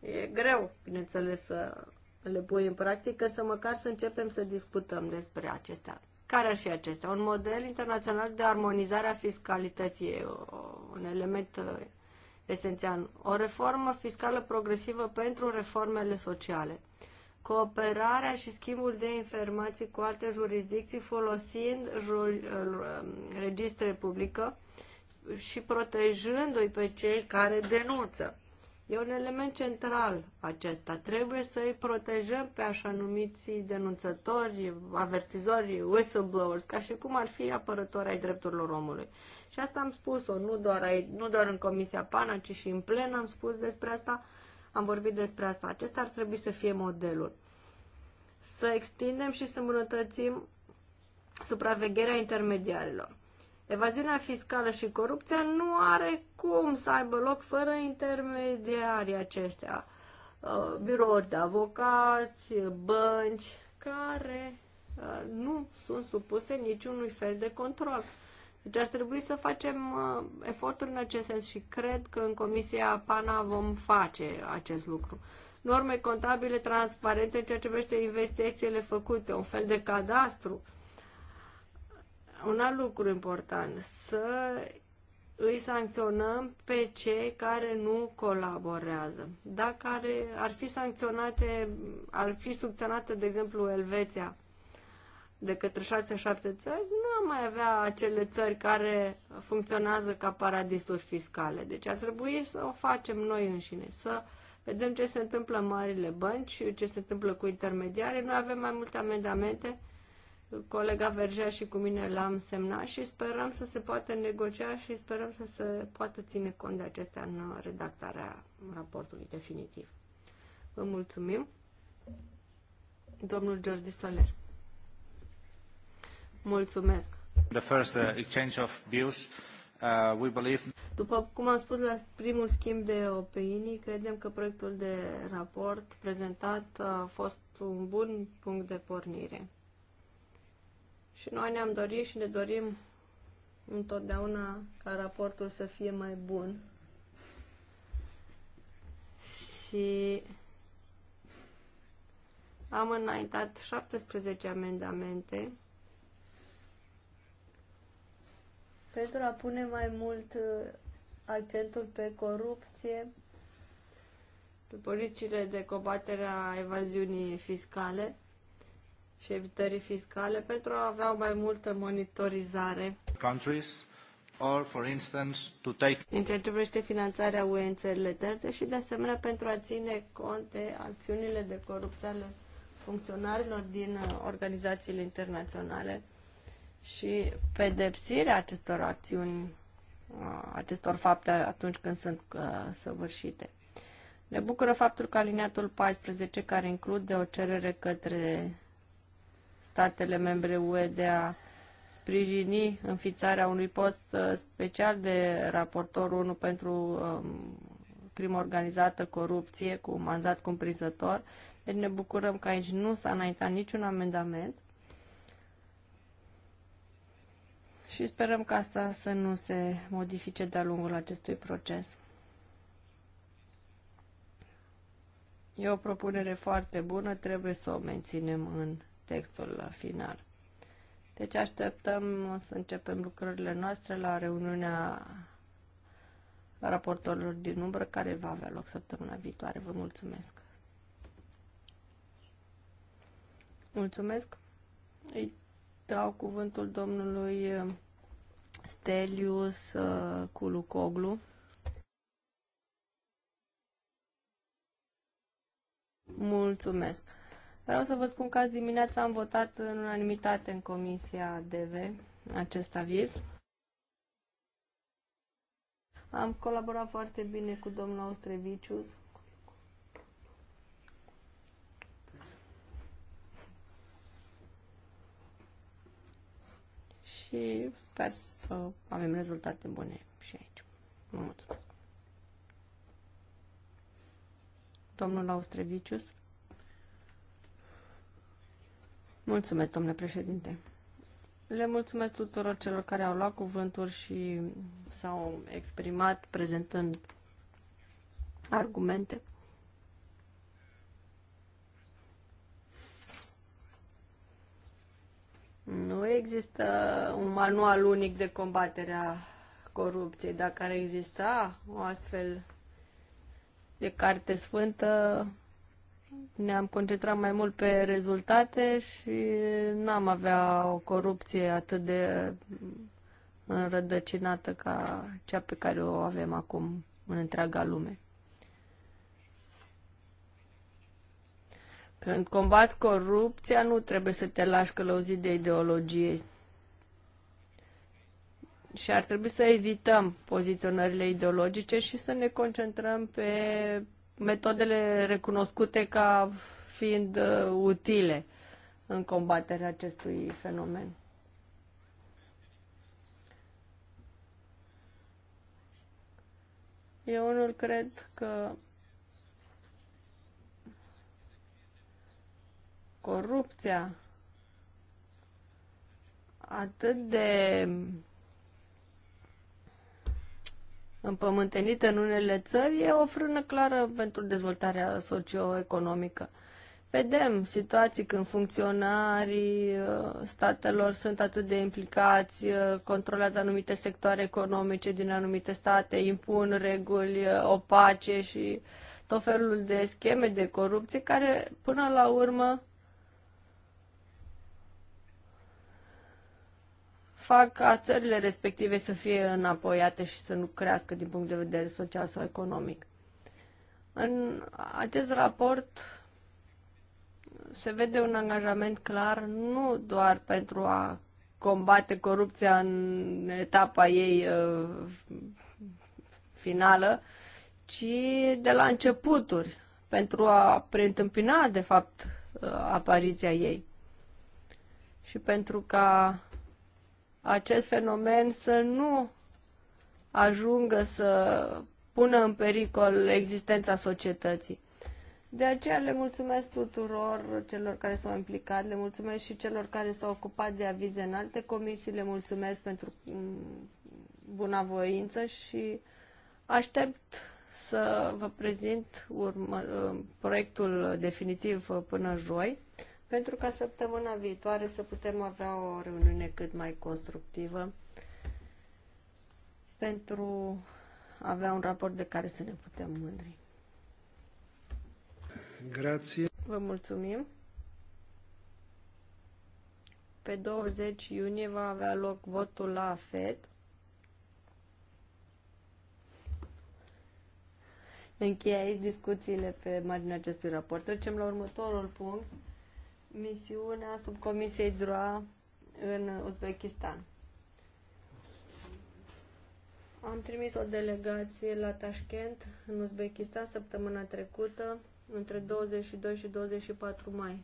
E greu, bineînțeles, să le pui în practică, să măcar să începem să discutăm despre acestea. Care ar fi acestea? Un model internațional de armonizare a fiscalității, un element uh, esențial. O reformă fiscală progresivă pentru reformele sociale. Cooperarea și schimbul de informații cu alte jurisdicții folosind uh, registre publică și protejându-i pe cei care denunță. E un element central acesta. Trebuie să îi protejăm pe așa numiții denunțători, avertizori, whistleblowers, ca și cum ar fi apărători ai drepturilor omului. Și asta am spus-o, nu doar, ai, nu doar în Comisia PANA, ci și în plen am spus despre asta, am vorbit despre asta. Acesta ar trebui să fie modelul. Să extindem și să îmbunătățim supravegherea intermediarilor. Evaziunea fiscală și corupția nu are cum să aibă loc fără intermediarii aceștia, uh, birouri de avocați, bănci, care uh, nu sunt supuse niciunui fel de control. Deci ar trebui să facem uh, eforturi în acest sens și cred că în Comisia PANA vom face acest lucru. Norme contabile transparente în ceea ce privește investițiile făcute, un fel de cadastru uh, un alt lucru important, să îi sancționăm pe cei care nu colaborează. Dacă ar, ar fi sancționate, ar fi subționată, de exemplu, Elveția de către 6-7 țări, nu am mai avea acele țări care funcționează ca paradisuri fiscale. Deci ar trebui să o facem noi înșine, să vedem ce se întâmplă în marile bănci, ce se întâmplă cu intermediare. Noi avem mai multe amendamente uh, colega Vergea și cu mine l-am semnat și sperăm să se poată negocia și sperăm să se poată ține cont de acestea în redactarea raportului definitiv. Vă mulțumim. Domnul Jordi Soler. Mulțumesc. The first uh, exchange of views. Uh, we believe... După cum am spus la primul schimb de opinii, credem că proiectul de raport prezentat a fost un bun punct de pornire. Și noi ne-am dorit și ne dorim întotdeauna ca raportul să fie mai bun. Și am înaintat 17 amendamente pentru a pune mai mult uh, accentul pe corupție, pe politicile de combatere a evaziunii fiscale și evitării fiscale pentru a avea mai multă monitorizare. Countries or, for instance, to take... În ceea ce privește finanțarea UE în țările terțe și, de asemenea, pentru a ține cont de acțiunile de corupție ale funcționarilor din uh, organizațiile internaționale și pedepsirea acestor acțiuni, uh, acestor fapte atunci când sunt uh, săvârșite. Ne bucură faptul că aliniatul 14, care include o cerere către statele membre UE de a sprijini înființarea unui post uh, special de raportor 1 pentru um, crimă organizată, corupție, cu mandat cumprinzător. Deci ne bucurăm că aici nu s-a înaintat niciun amendament și sperăm că asta să nu se modifice de-a lungul acestui proces. E o propunere foarte bună, trebuie să o menținem în textul final. Deci așteptăm să începem lucrările noastre la reuniunea raportorilor din umbră care va avea loc săptămâna viitoare. Vă mulțumesc! Mulțumesc! Îi dau cuvântul domnului Stelius uh, Culucoglu. Mulțumesc! Vreau să vă spun că azi dimineața am votat în unanimitate în Comisia DV acest aviz. Am colaborat foarte bine cu domnul Ostrevicius. Și sper să avem rezultate bune și aici. mulțumesc. Domnul Austrevicius. Mulțumesc, domnule președinte. Le mulțumesc tuturor celor care au luat cuvântul și s-au exprimat prezentând argumente. Nu există un manual unic de combatere a corupției. Dacă ar exista o astfel de carte sfântă, ne-am concentrat mai mult pe rezultate și n-am avea o corupție atât de înrădăcinată ca cea pe care o avem acum în întreaga lume. Când combați corupția, nu trebuie să te lași călăuzit de ideologie. Și ar trebui să evităm poziționările ideologice și să ne concentrăm pe metodele recunoscute ca fiind uh, utile în combaterea acestui fenomen. Eu unul cred că corupția atât de împământenită în unele țări e o frână clară pentru dezvoltarea socioeconomică. Vedem situații când funcționarii uh, statelor sunt atât de implicați, uh, controlează anumite sectoare economice din anumite state, impun reguli uh, opace și tot felul de scheme de corupție care până la urmă fac ca țările respective să fie înapoiate și să nu crească din punct de vedere social sau economic. În acest raport se vede un angajament clar nu doar pentru a combate corupția în etapa ei uh, finală, ci de la începuturi, pentru a preîntâmpina, de fapt, uh, apariția ei. Și pentru ca acest fenomen să nu ajungă să pună în pericol existența societății. De aceea le mulțumesc tuturor celor care s-au implicat, le mulțumesc și celor care s-au ocupat de avize în alte comisii, le mulțumesc pentru mm, bunavoință și aștept să vă prezint urmă, uh, proiectul definitiv până joi pentru ca săptămâna viitoare să putem avea o reuniune cât mai constructivă pentru a avea un raport de care să ne putem mândri. Grație. Vă mulțumim. Pe 20 iunie va avea loc votul la FED. Încheie aici discuțiile pe marginea acestui raport. Trecem la următorul punct misiunea subcomisiei DROA în Uzbekistan. Am trimis o delegație la Tashkent, în Uzbekistan, săptămâna trecută, între 22 și 24 mai.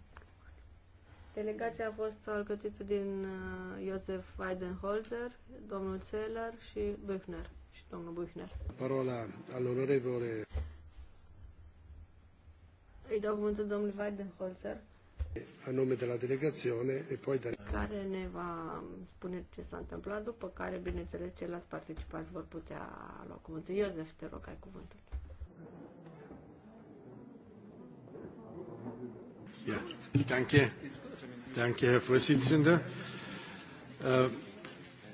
Delegația a fost alcătuită din uh, Josef Weidenholzer, domnul Zeller și Büchner. Și domnul Büchner. Parola al onorevole. Îi dau cuvântul domnului Weidenholzer a de la delegațiune e poi da- care ne va spune ce s-a întâmplat, după care, bineînțeles, ceilalți participați vor putea lua cuvântul. Iosef, te rog, ai cuvântul. Ja, danke. Danke, Herr Vorsitzender. Uh,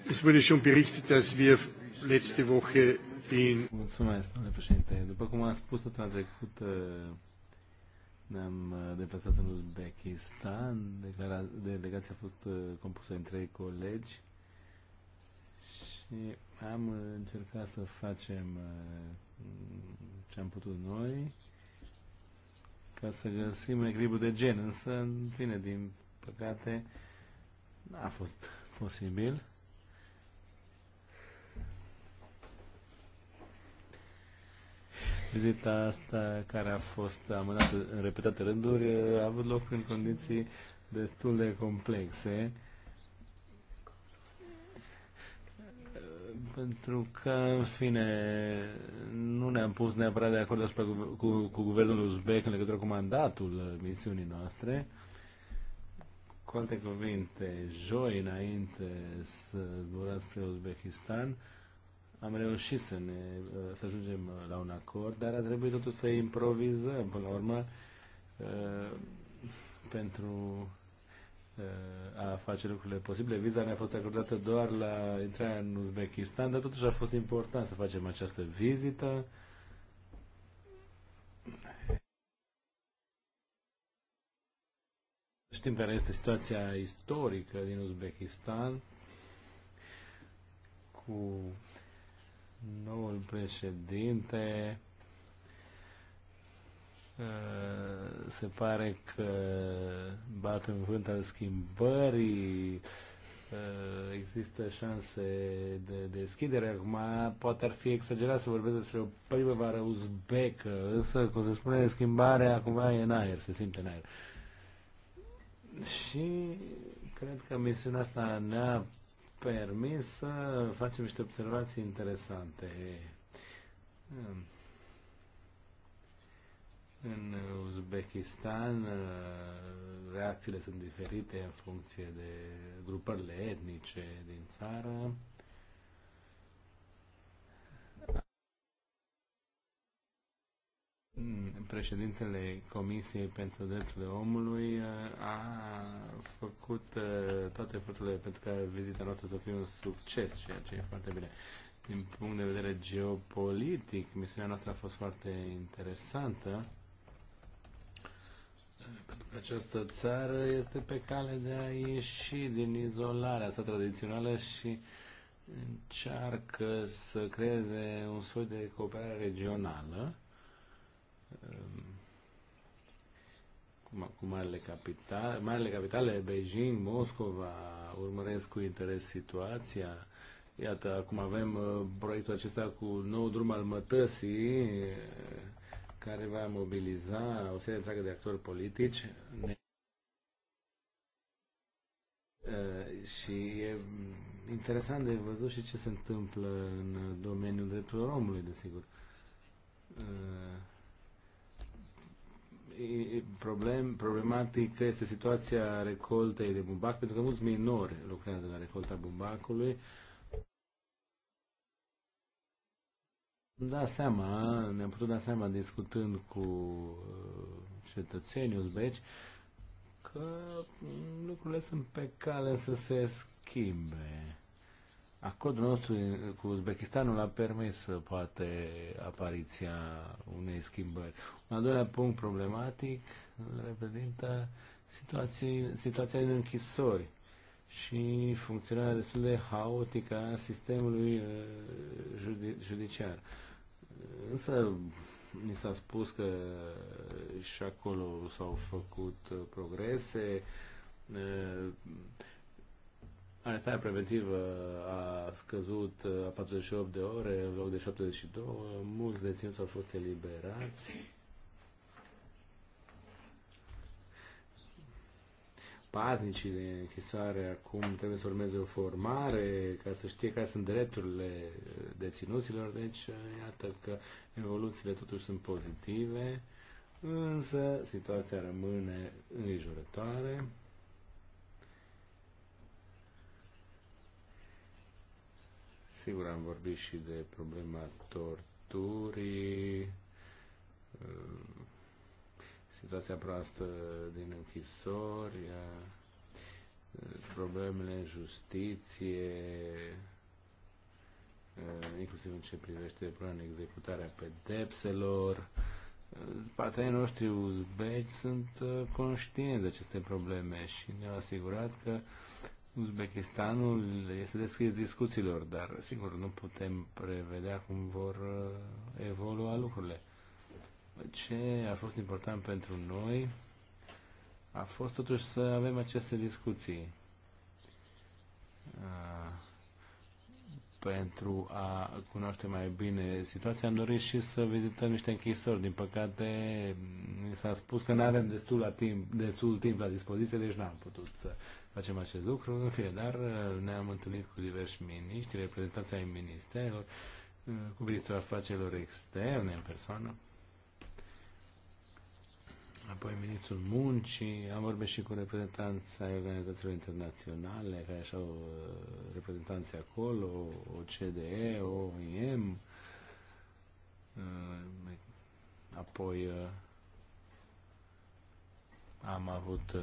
es wurde schon berichtet, dass wir letzte Woche den... Mulțumesc, domnule președinte. După cum am spus, săptămâna trecută, uh, ne-am uh, deplasat în Uzbekistan, delegația a fost uh, compusă în trei colegi și am încercat să facem uh, ce am putut noi ca să găsim un echilibru de gen, însă, în fine, din păcate, n-a fost posibil. Vizita asta, care a fost amânată în repetate rânduri, a avut loc în condiții destul de complexe. Pentru că, în fine, nu ne-am pus neapărat de acord asupra cu, cu, cu guvernul uzbek în legătură cu mandatul misiunii noastre. Cu alte cuvinte, joi înainte să zburați spre Uzbekistan, uh, am reușit să ne să ajungem la un acord, dar a trebuit totuși să improvizăm până la urmă eh, pentru eh, a face lucrurile posibile. Viza ne-a fost acordată doar la intrarea în Uzbekistan, dar totuși a fost important să facem această vizită. Știm care este situația istorică din Uzbekistan cu noul președinte ă, se pare că bat în vânt al schimbării, ă, există șanse de deschidere. Acum poate ar fi exagerat să vorbesc despre o primăvară uzbecă, însă, cum se spune, schimbarea acum e în aer, se simte în aer. Și cred că misiunea asta ne-a permis să facem niște observații interesante. Hmm. În Uzbekistan uh, reacțiile sunt diferite în funcție de grupările etnice din țară. președintele Comisiei pentru Drepturile Omului uh, a făcut uh, toate eforturile pentru ca vizita noastră să fie un succes, ceea ce e foarte bine. Din punct de vedere geopolitic, misiunea noastră a fost foarte interesantă, pentru că această țară este pe cale de a ieși din izolarea sa tradițională și încearcă să creeze un soi de cooperare regională cu, marele capitale, marele capitale, Beijing, Moscova, urmăresc cu interes situația. Iată, acum avem uh, proiectul acesta cu nou drum al mătăsii, uh, care va mobiliza o serie întreagă de actori politici. Ne- uh, și e interesant de văzut și ce se întâmplă în domeniul drepturilor omului, desigur problem, problematică este situația recoltei de bumbac, pentru că mulți minori lucrează la recolta bumbacului. Da seama, ne-am putut da seama discutând cu uh, cetățenii uzbeci că lucrurile sunt pe cale să se schimbe Acordul nostru cu Uzbekistanul a permis uh, poate apariția unei schimbări. Un al doilea punct problematic uh, reprezintă situații, situația în închisori și funcționarea destul de haotică a sistemului uh, judiciar. Însă mi s-a spus că și acolo s-au făcut progrese Arestarea preventivă a scăzut uh, a 48 de ore în loc de 72. Mulți deținuți au fost eliberați. paznicii de închisoare acum trebuie să urmeze o formare ca să știe care sunt drepturile deținuților, deci uh, iată că evoluțiile totuși sunt pozitive, însă situația rămâne îngrijorătoare. Sigur, am vorbit și de problema torturii, uh, situația proastă din închisori, uh, problemele în justiție, uh, inclusiv în ce privește problema executarea pedepselor. Partenerii noștri uzbeci sunt conștienți de aceste probleme și ne-au asigurat că Uzbekistanul este deschis discuțiilor, dar sigur nu putem prevedea cum vor uh, evolua lucrurile. Ce a fost important pentru noi a fost totuși să avem aceste discuții uh, pentru a cunoaște mai bine situația. Am dorit și să vizităm niște închisori. Din păcate, mi s-a spus că nu avem destul, la timp, destul timp la dispoziție, deci n-am putut să facem acest lucru. În fie, dar uh, ne-am întâlnit cu diversi miniștri, reprezentanța ai ministerilor, uh, cu ministrul afacerilor externe în persoană, apoi ministrul muncii, am vorbit și cu reprezentanța ai organizațiilor internaționale, care așa au uh, reprezentanțe acolo, OCDE, OIM, apoi am avut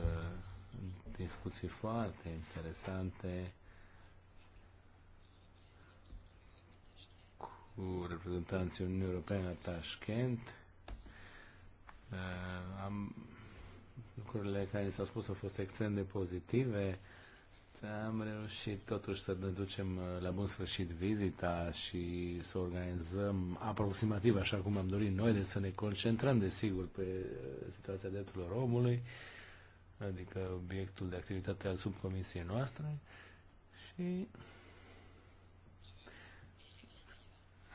discuții foarte interesante cu reprezentanții Uniunii Europene la Tashkent. Uh, am, lucrurile care s-au spus au fost extrem de pozitive. Am reușit totuși să ne ducem uh, la bun sfârșit vizita și să organizăm aproximativ așa cum am dorit noi, de să ne concentrăm, desigur, pe uh, situația drepturilor omului. Uh, adică obiectul de activitate al subcomisiei noastre și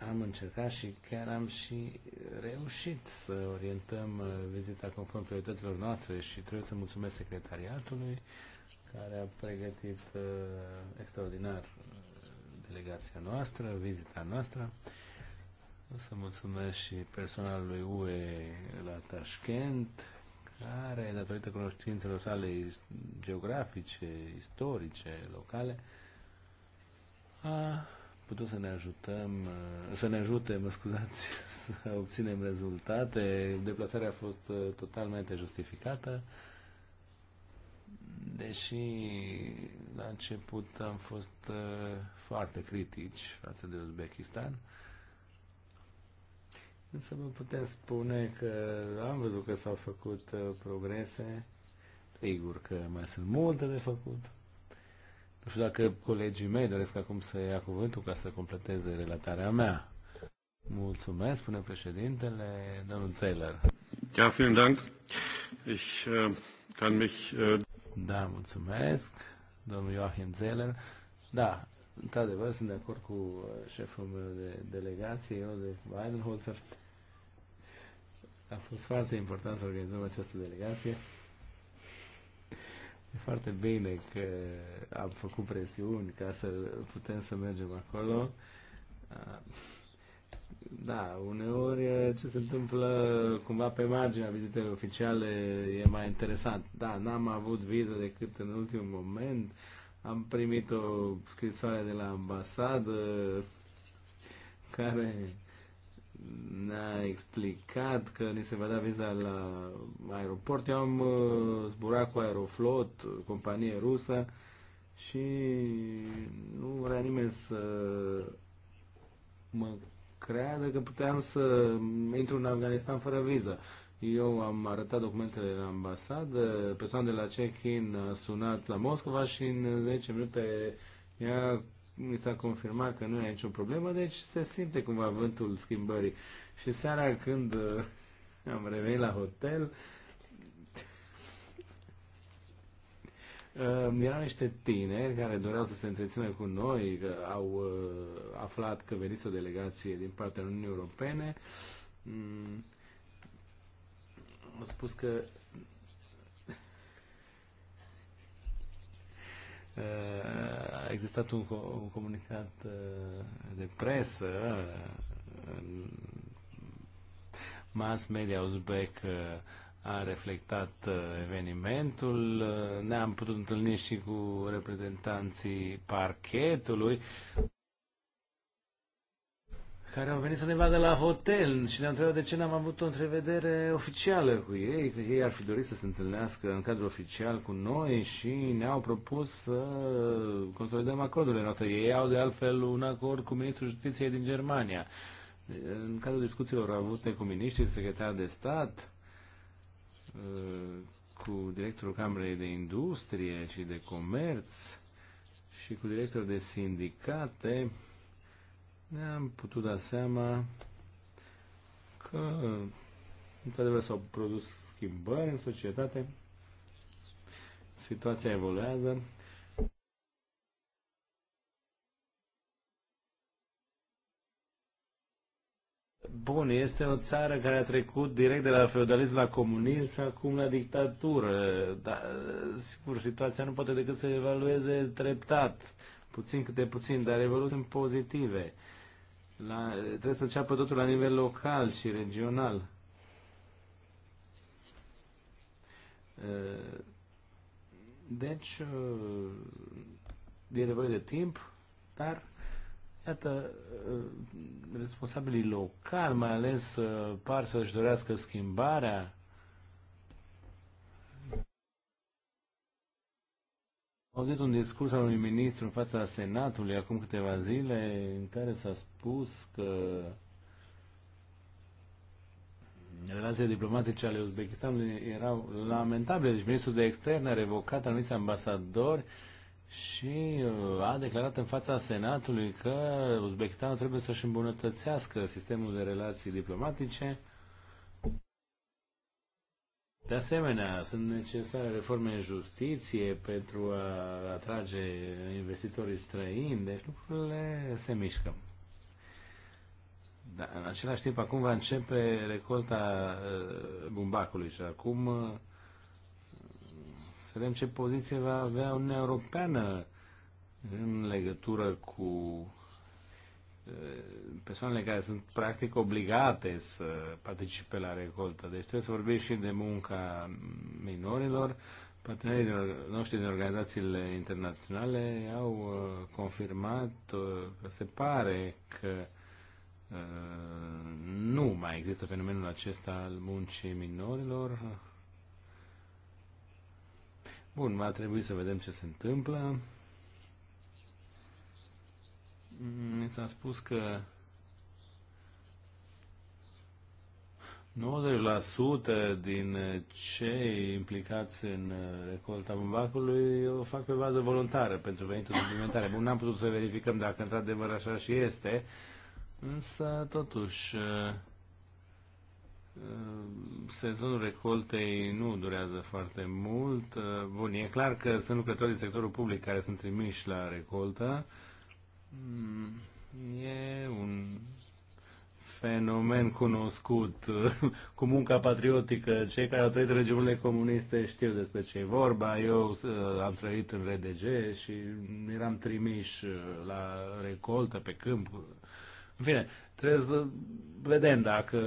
am încercat și chiar am și reușit să orientăm uh, vizita conform priorităților noastre și trebuie să mulțumesc secretariatului care a pregătit uh, extraordinar uh, delegația noastră, vizita noastră. O să mulțumesc și personalului UE la Tashkent, care, datorită cunoștințelor sale geografice, istorice, locale, a putut să ne ajutăm, să ne ajute, mă scuzați, *laughs* să obținem rezultate. Deplasarea a fost uh, totalmente justificată, deși la început am fost uh, foarte critici față de Uzbekistan. Însă vă putem spune că am văzut că s-au făcut uh, progrese. Sigur că mai sunt multe de făcut. Nu știu dacă colegii mei doresc acum să ia cuvântul ca să completeze relatarea mea. Mulțumesc, spune președintele, domnul Zeller. Ja, vielen Dank. Ich uh, kann mich... Uh... Da, mulțumesc, domnul Joachim Zeller. Da, într-adevăr, sunt de acord cu uh, șeful meu de delegație, eu de Weidenholzer. A fost foarte important să organizăm această delegație. E foarte bine că am făcut presiuni ca să putem să mergem acolo. Da, uneori ce se întâmplă cumva pe marginea vizitelor oficiale e mai interesant. Da, n-am avut viză decât în ultimul moment. Am primit o scrisoare de la ambasadă care ne-a explicat că ni se va da viza la aeroport. Eu am uh, zburat cu Aeroflot, companie rusă, și nu vrea nimeni să mă creadă că puteam să intru în Afganistan fără viză. Eu am arătat documentele la ambasadă, persoana de la check-in a sunat la Moscova și în 10 minute ea mi s-a confirmat că nu e nicio problemă, deci se simte cumva vântul schimbării. Și seara când uh, am revenit la hotel, Uh, erau niște tineri care doreau să se întrețină cu noi, că au uh, aflat că veniți o delegație din partea Uniunii Europene. Mm. Au spus că Eh, a existat un, un comunicat eh, de presă eh, mass media uzbek a reflectat evenimentul, ne-am putut întâlni și cu reprezentanții parchetului care au venit să ne vadă la hotel și ne-au întrebat de ce n-am avut o întrevedere oficială cu ei, că ei ar fi dorit să se întâlnească în cadrul oficial cu noi și ne-au propus să consolidăm acordurile noastre. Ei au de altfel un acord cu Ministrul Justiției din Germania. În cadrul discuțiilor avute cu miniștrii, secretar de stat, cu directorul Camerei de Industrie și de Comerț și cu directorul de sindicate, ne-am putut da seama că, într-adevăr, s-au produs schimbări în societate, situația evoluează, Bun, este o țară care a trecut direct de la feudalism la comunism și acum la dictatură. Dar, sigur, situația nu poate decât să evalueze treptat, puțin câte puțin, dar evoluții pozitive la, trebuie să înceapă totul la nivel local și regional. Uh, deci, uh, e nevoie de timp, dar, iată, uh, responsabilii locali, mai ales, par să-și dorească schimbarea auzit un discurs al unui ministru în fața Senatului acum câteva zile în care s-a spus că relațiile diplomatice ale Uzbekistanului erau lamentabile. Deci ministrul de externe a revocat anumiți ambasadori și uh, a declarat în fața Senatului că Uzbekistanul trebuie să-și îmbunătățească sistemul de relații diplomatice de asemenea, sunt necesare reforme în justiție pentru a atrage investitorii străini, deci lucrurile se mișcă. Da, în același timp, acum va începe recolta uh, bumbacului și acum uh, să vedem ce poziție va avea Uniunea Europeană în legătură cu persoanele care sunt practic obligate să participe la recoltă. Deci trebuie să vorbim și de munca minorilor. Partenerii noștri din organizațiile internaționale au uh, confirmat uh, că se pare că uh, nu mai există fenomenul acesta al muncii minorilor. Bun, va trebui să vedem ce se întâmplă. Mm, mi s-a spus că 90% din cei implicați în recolta bumbacului o fac pe bază voluntară pentru venituri suplimentare. Bun, n-am putut să verificăm dacă într-adevăr așa și este, însă totuși uh, uh, sezonul recoltei nu durează foarte mult. Uh, bun, e clar că sunt lucrători din sectorul public care sunt trimiși la recoltă, Mm, e un fenomen cunoscut *laughs* cu munca patriotică. Cei care au trăit în regimurile comuniste știu despre ce e vorba. Eu uh, am trăit în RDG și eram trimiși uh, la recoltă pe câmp. În fine, trebuie să vedem dacă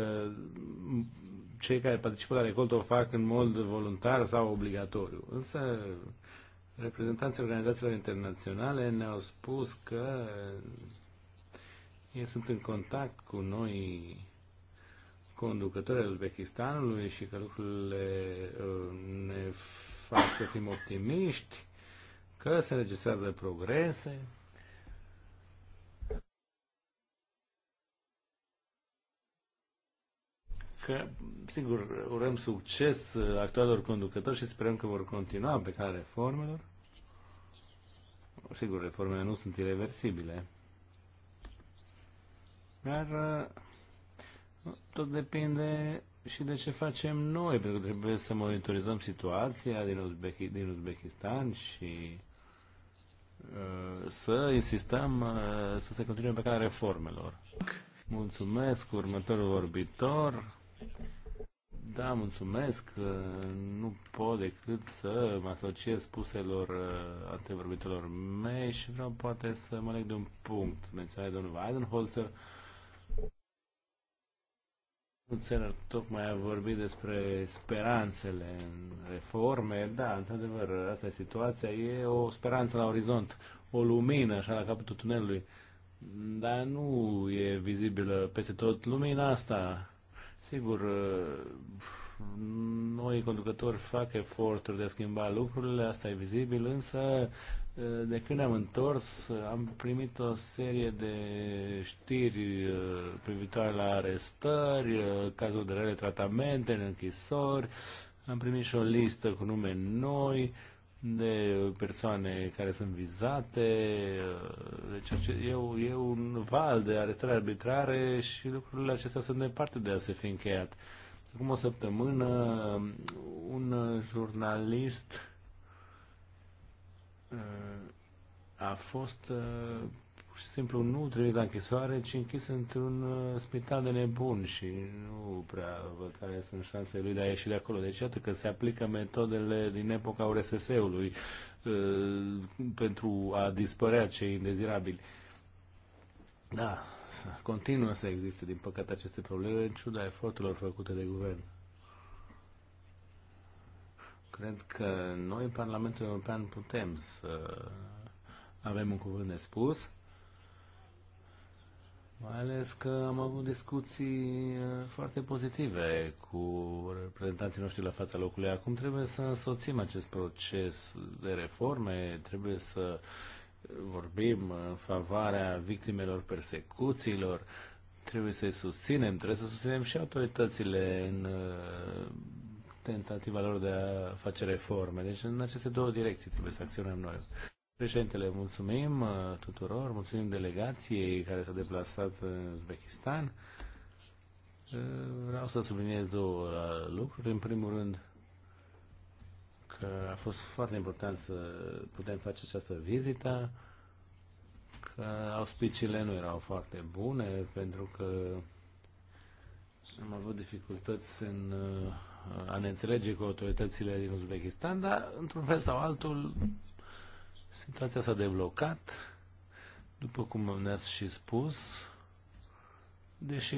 cei care participă la recoltă o fac în mod voluntar sau obligatoriu. Însă reprezentanții organizațiilor internaționale ne-au spus că ei sunt în contact cu noi conducători al Uzbekistanului și că lucrurile uh, ne fac să fim optimiști, că se înregistrează progrese că, sigur, urăm succes actualor conducători și sperăm că vor continua pe care reformelor. Sigur, reformele nu sunt irreversibile. Dar uh, tot depinde și de ce facem noi, pentru că trebuie să monitorizăm situația din, Uzbeki, din Uzbekistan și uh, să insistăm uh, să se continue pe calea reformelor. Mulțumesc, următorul vorbitor. Da, mulțumesc. Uh, nu pot decât să mă asociez spuselor uh, antevorbitorilor mei și vreau poate să mă leg de un punct menționat de domnul Weidenholzer. Țelăr tocmai a vorbit despre speranțele în reforme. Da, într-adevăr, asta e situația. E o speranță la orizont, o lumină așa la capătul tunelului. Dar nu e vizibilă peste tot lumina asta Sigur, uh, noi conducători fac eforturi de a schimba lucrurile, asta e vizibil, însă uh, de când ne-am întors am primit o serie de știri uh, privitoare la arestări, cazuri de rele tratamente în închisori, am primit și o listă cu nume noi, de persoane care sunt vizate, uh, deci e, e un val de arestare arbitrare și lucrurile acestea sunt departe de a se fi încheiat. Acum o săptămână, um, un jurnalist uh, a fost uh, pur și simplu nu trimis la închisoare, ci închis într-un uh, spital de nebun și nu prea văd care sunt șansele lui de a ieși de acolo. Deci iată că se aplică metodele din epoca URSS-ului uh, pentru a dispărea cei indezirabili. Da, continuă să existe, din păcate, aceste probleme, în ciuda eforturilor făcute de guvern. Cred că noi, Parlamentul European, putem să avem un cuvânt de spus mai ales că am avut discuții uh, foarte pozitive cu reprezentanții noștri la fața locului. Acum trebuie să însoțim acest proces de reforme, trebuie să vorbim în favoarea victimelor persecuțiilor, trebuie să-i susținem, trebuie să susținem și autoritățile în uh, tentativa lor de a face reforme. Deci în aceste două direcții trebuie să acționăm noi. Președintele, mulțumim uh, tuturor, mulțumim delegației care s-a deplasat în Uzbekistan. Uh, vreau să subliniez două uh, lucruri. În primul rând, că a fost foarte important să putem face această vizită, că auspiciile nu erau foarte bune, pentru că am avut dificultăți în a ne înțelege cu autoritățile din Uzbekistan, dar într-un fel sau altul Situația s-a deblocat, după cum ne-ați și spus, deși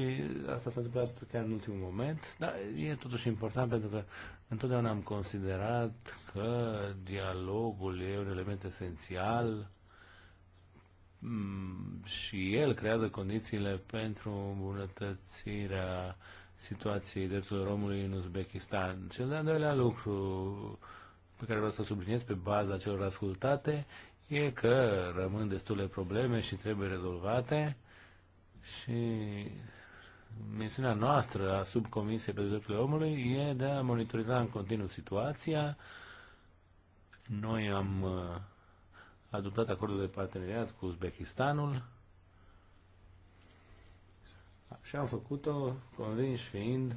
asta s-a întâmplat chiar în ultimul moment, dar e totuși important pentru că întotdeauna am considerat că dialogul e un element esențial mm, și el creează condițiile pentru îmbunătățirea situației drepturilor omului în Uzbekistan. Cel de-al doilea lucru pe care vreau să subliniez pe baza celor ascultate e că rămân destule probleme și trebuie rezolvate și misiunea noastră a subcomisiei pentru drepturile omului e de a monitoriza în continuu situația. Noi am uh, adoptat acordul de parteneriat cu Uzbekistanul și am făcut-o convins fiind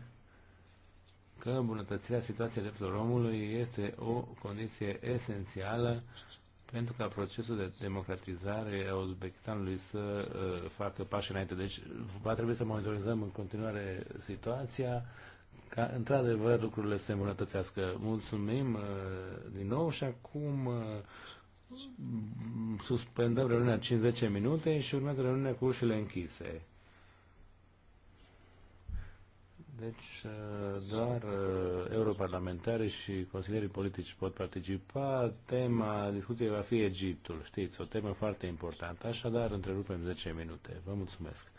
că îmbunătățirea situației drepturilor omului este o condiție esențială pentru ca procesul de democratizare a Uzbekistanului să uh, facă pași înainte. Deci va trebui să monitorizăm în continuare situația ca într-adevăr lucrurile să se îmbunătățească. Mulțumim uh, din nou și acum uh, suspendăm reuniunea 50 minute și urmează reuniunea cu ușile închise. Deci uh, doar uh, europarlamentari și consilierii politici pot participa. Tema discuției va fi Egiptul, știți, o temă foarte importantă. Așadar, întrerupem 10 minute. Vă mulțumesc.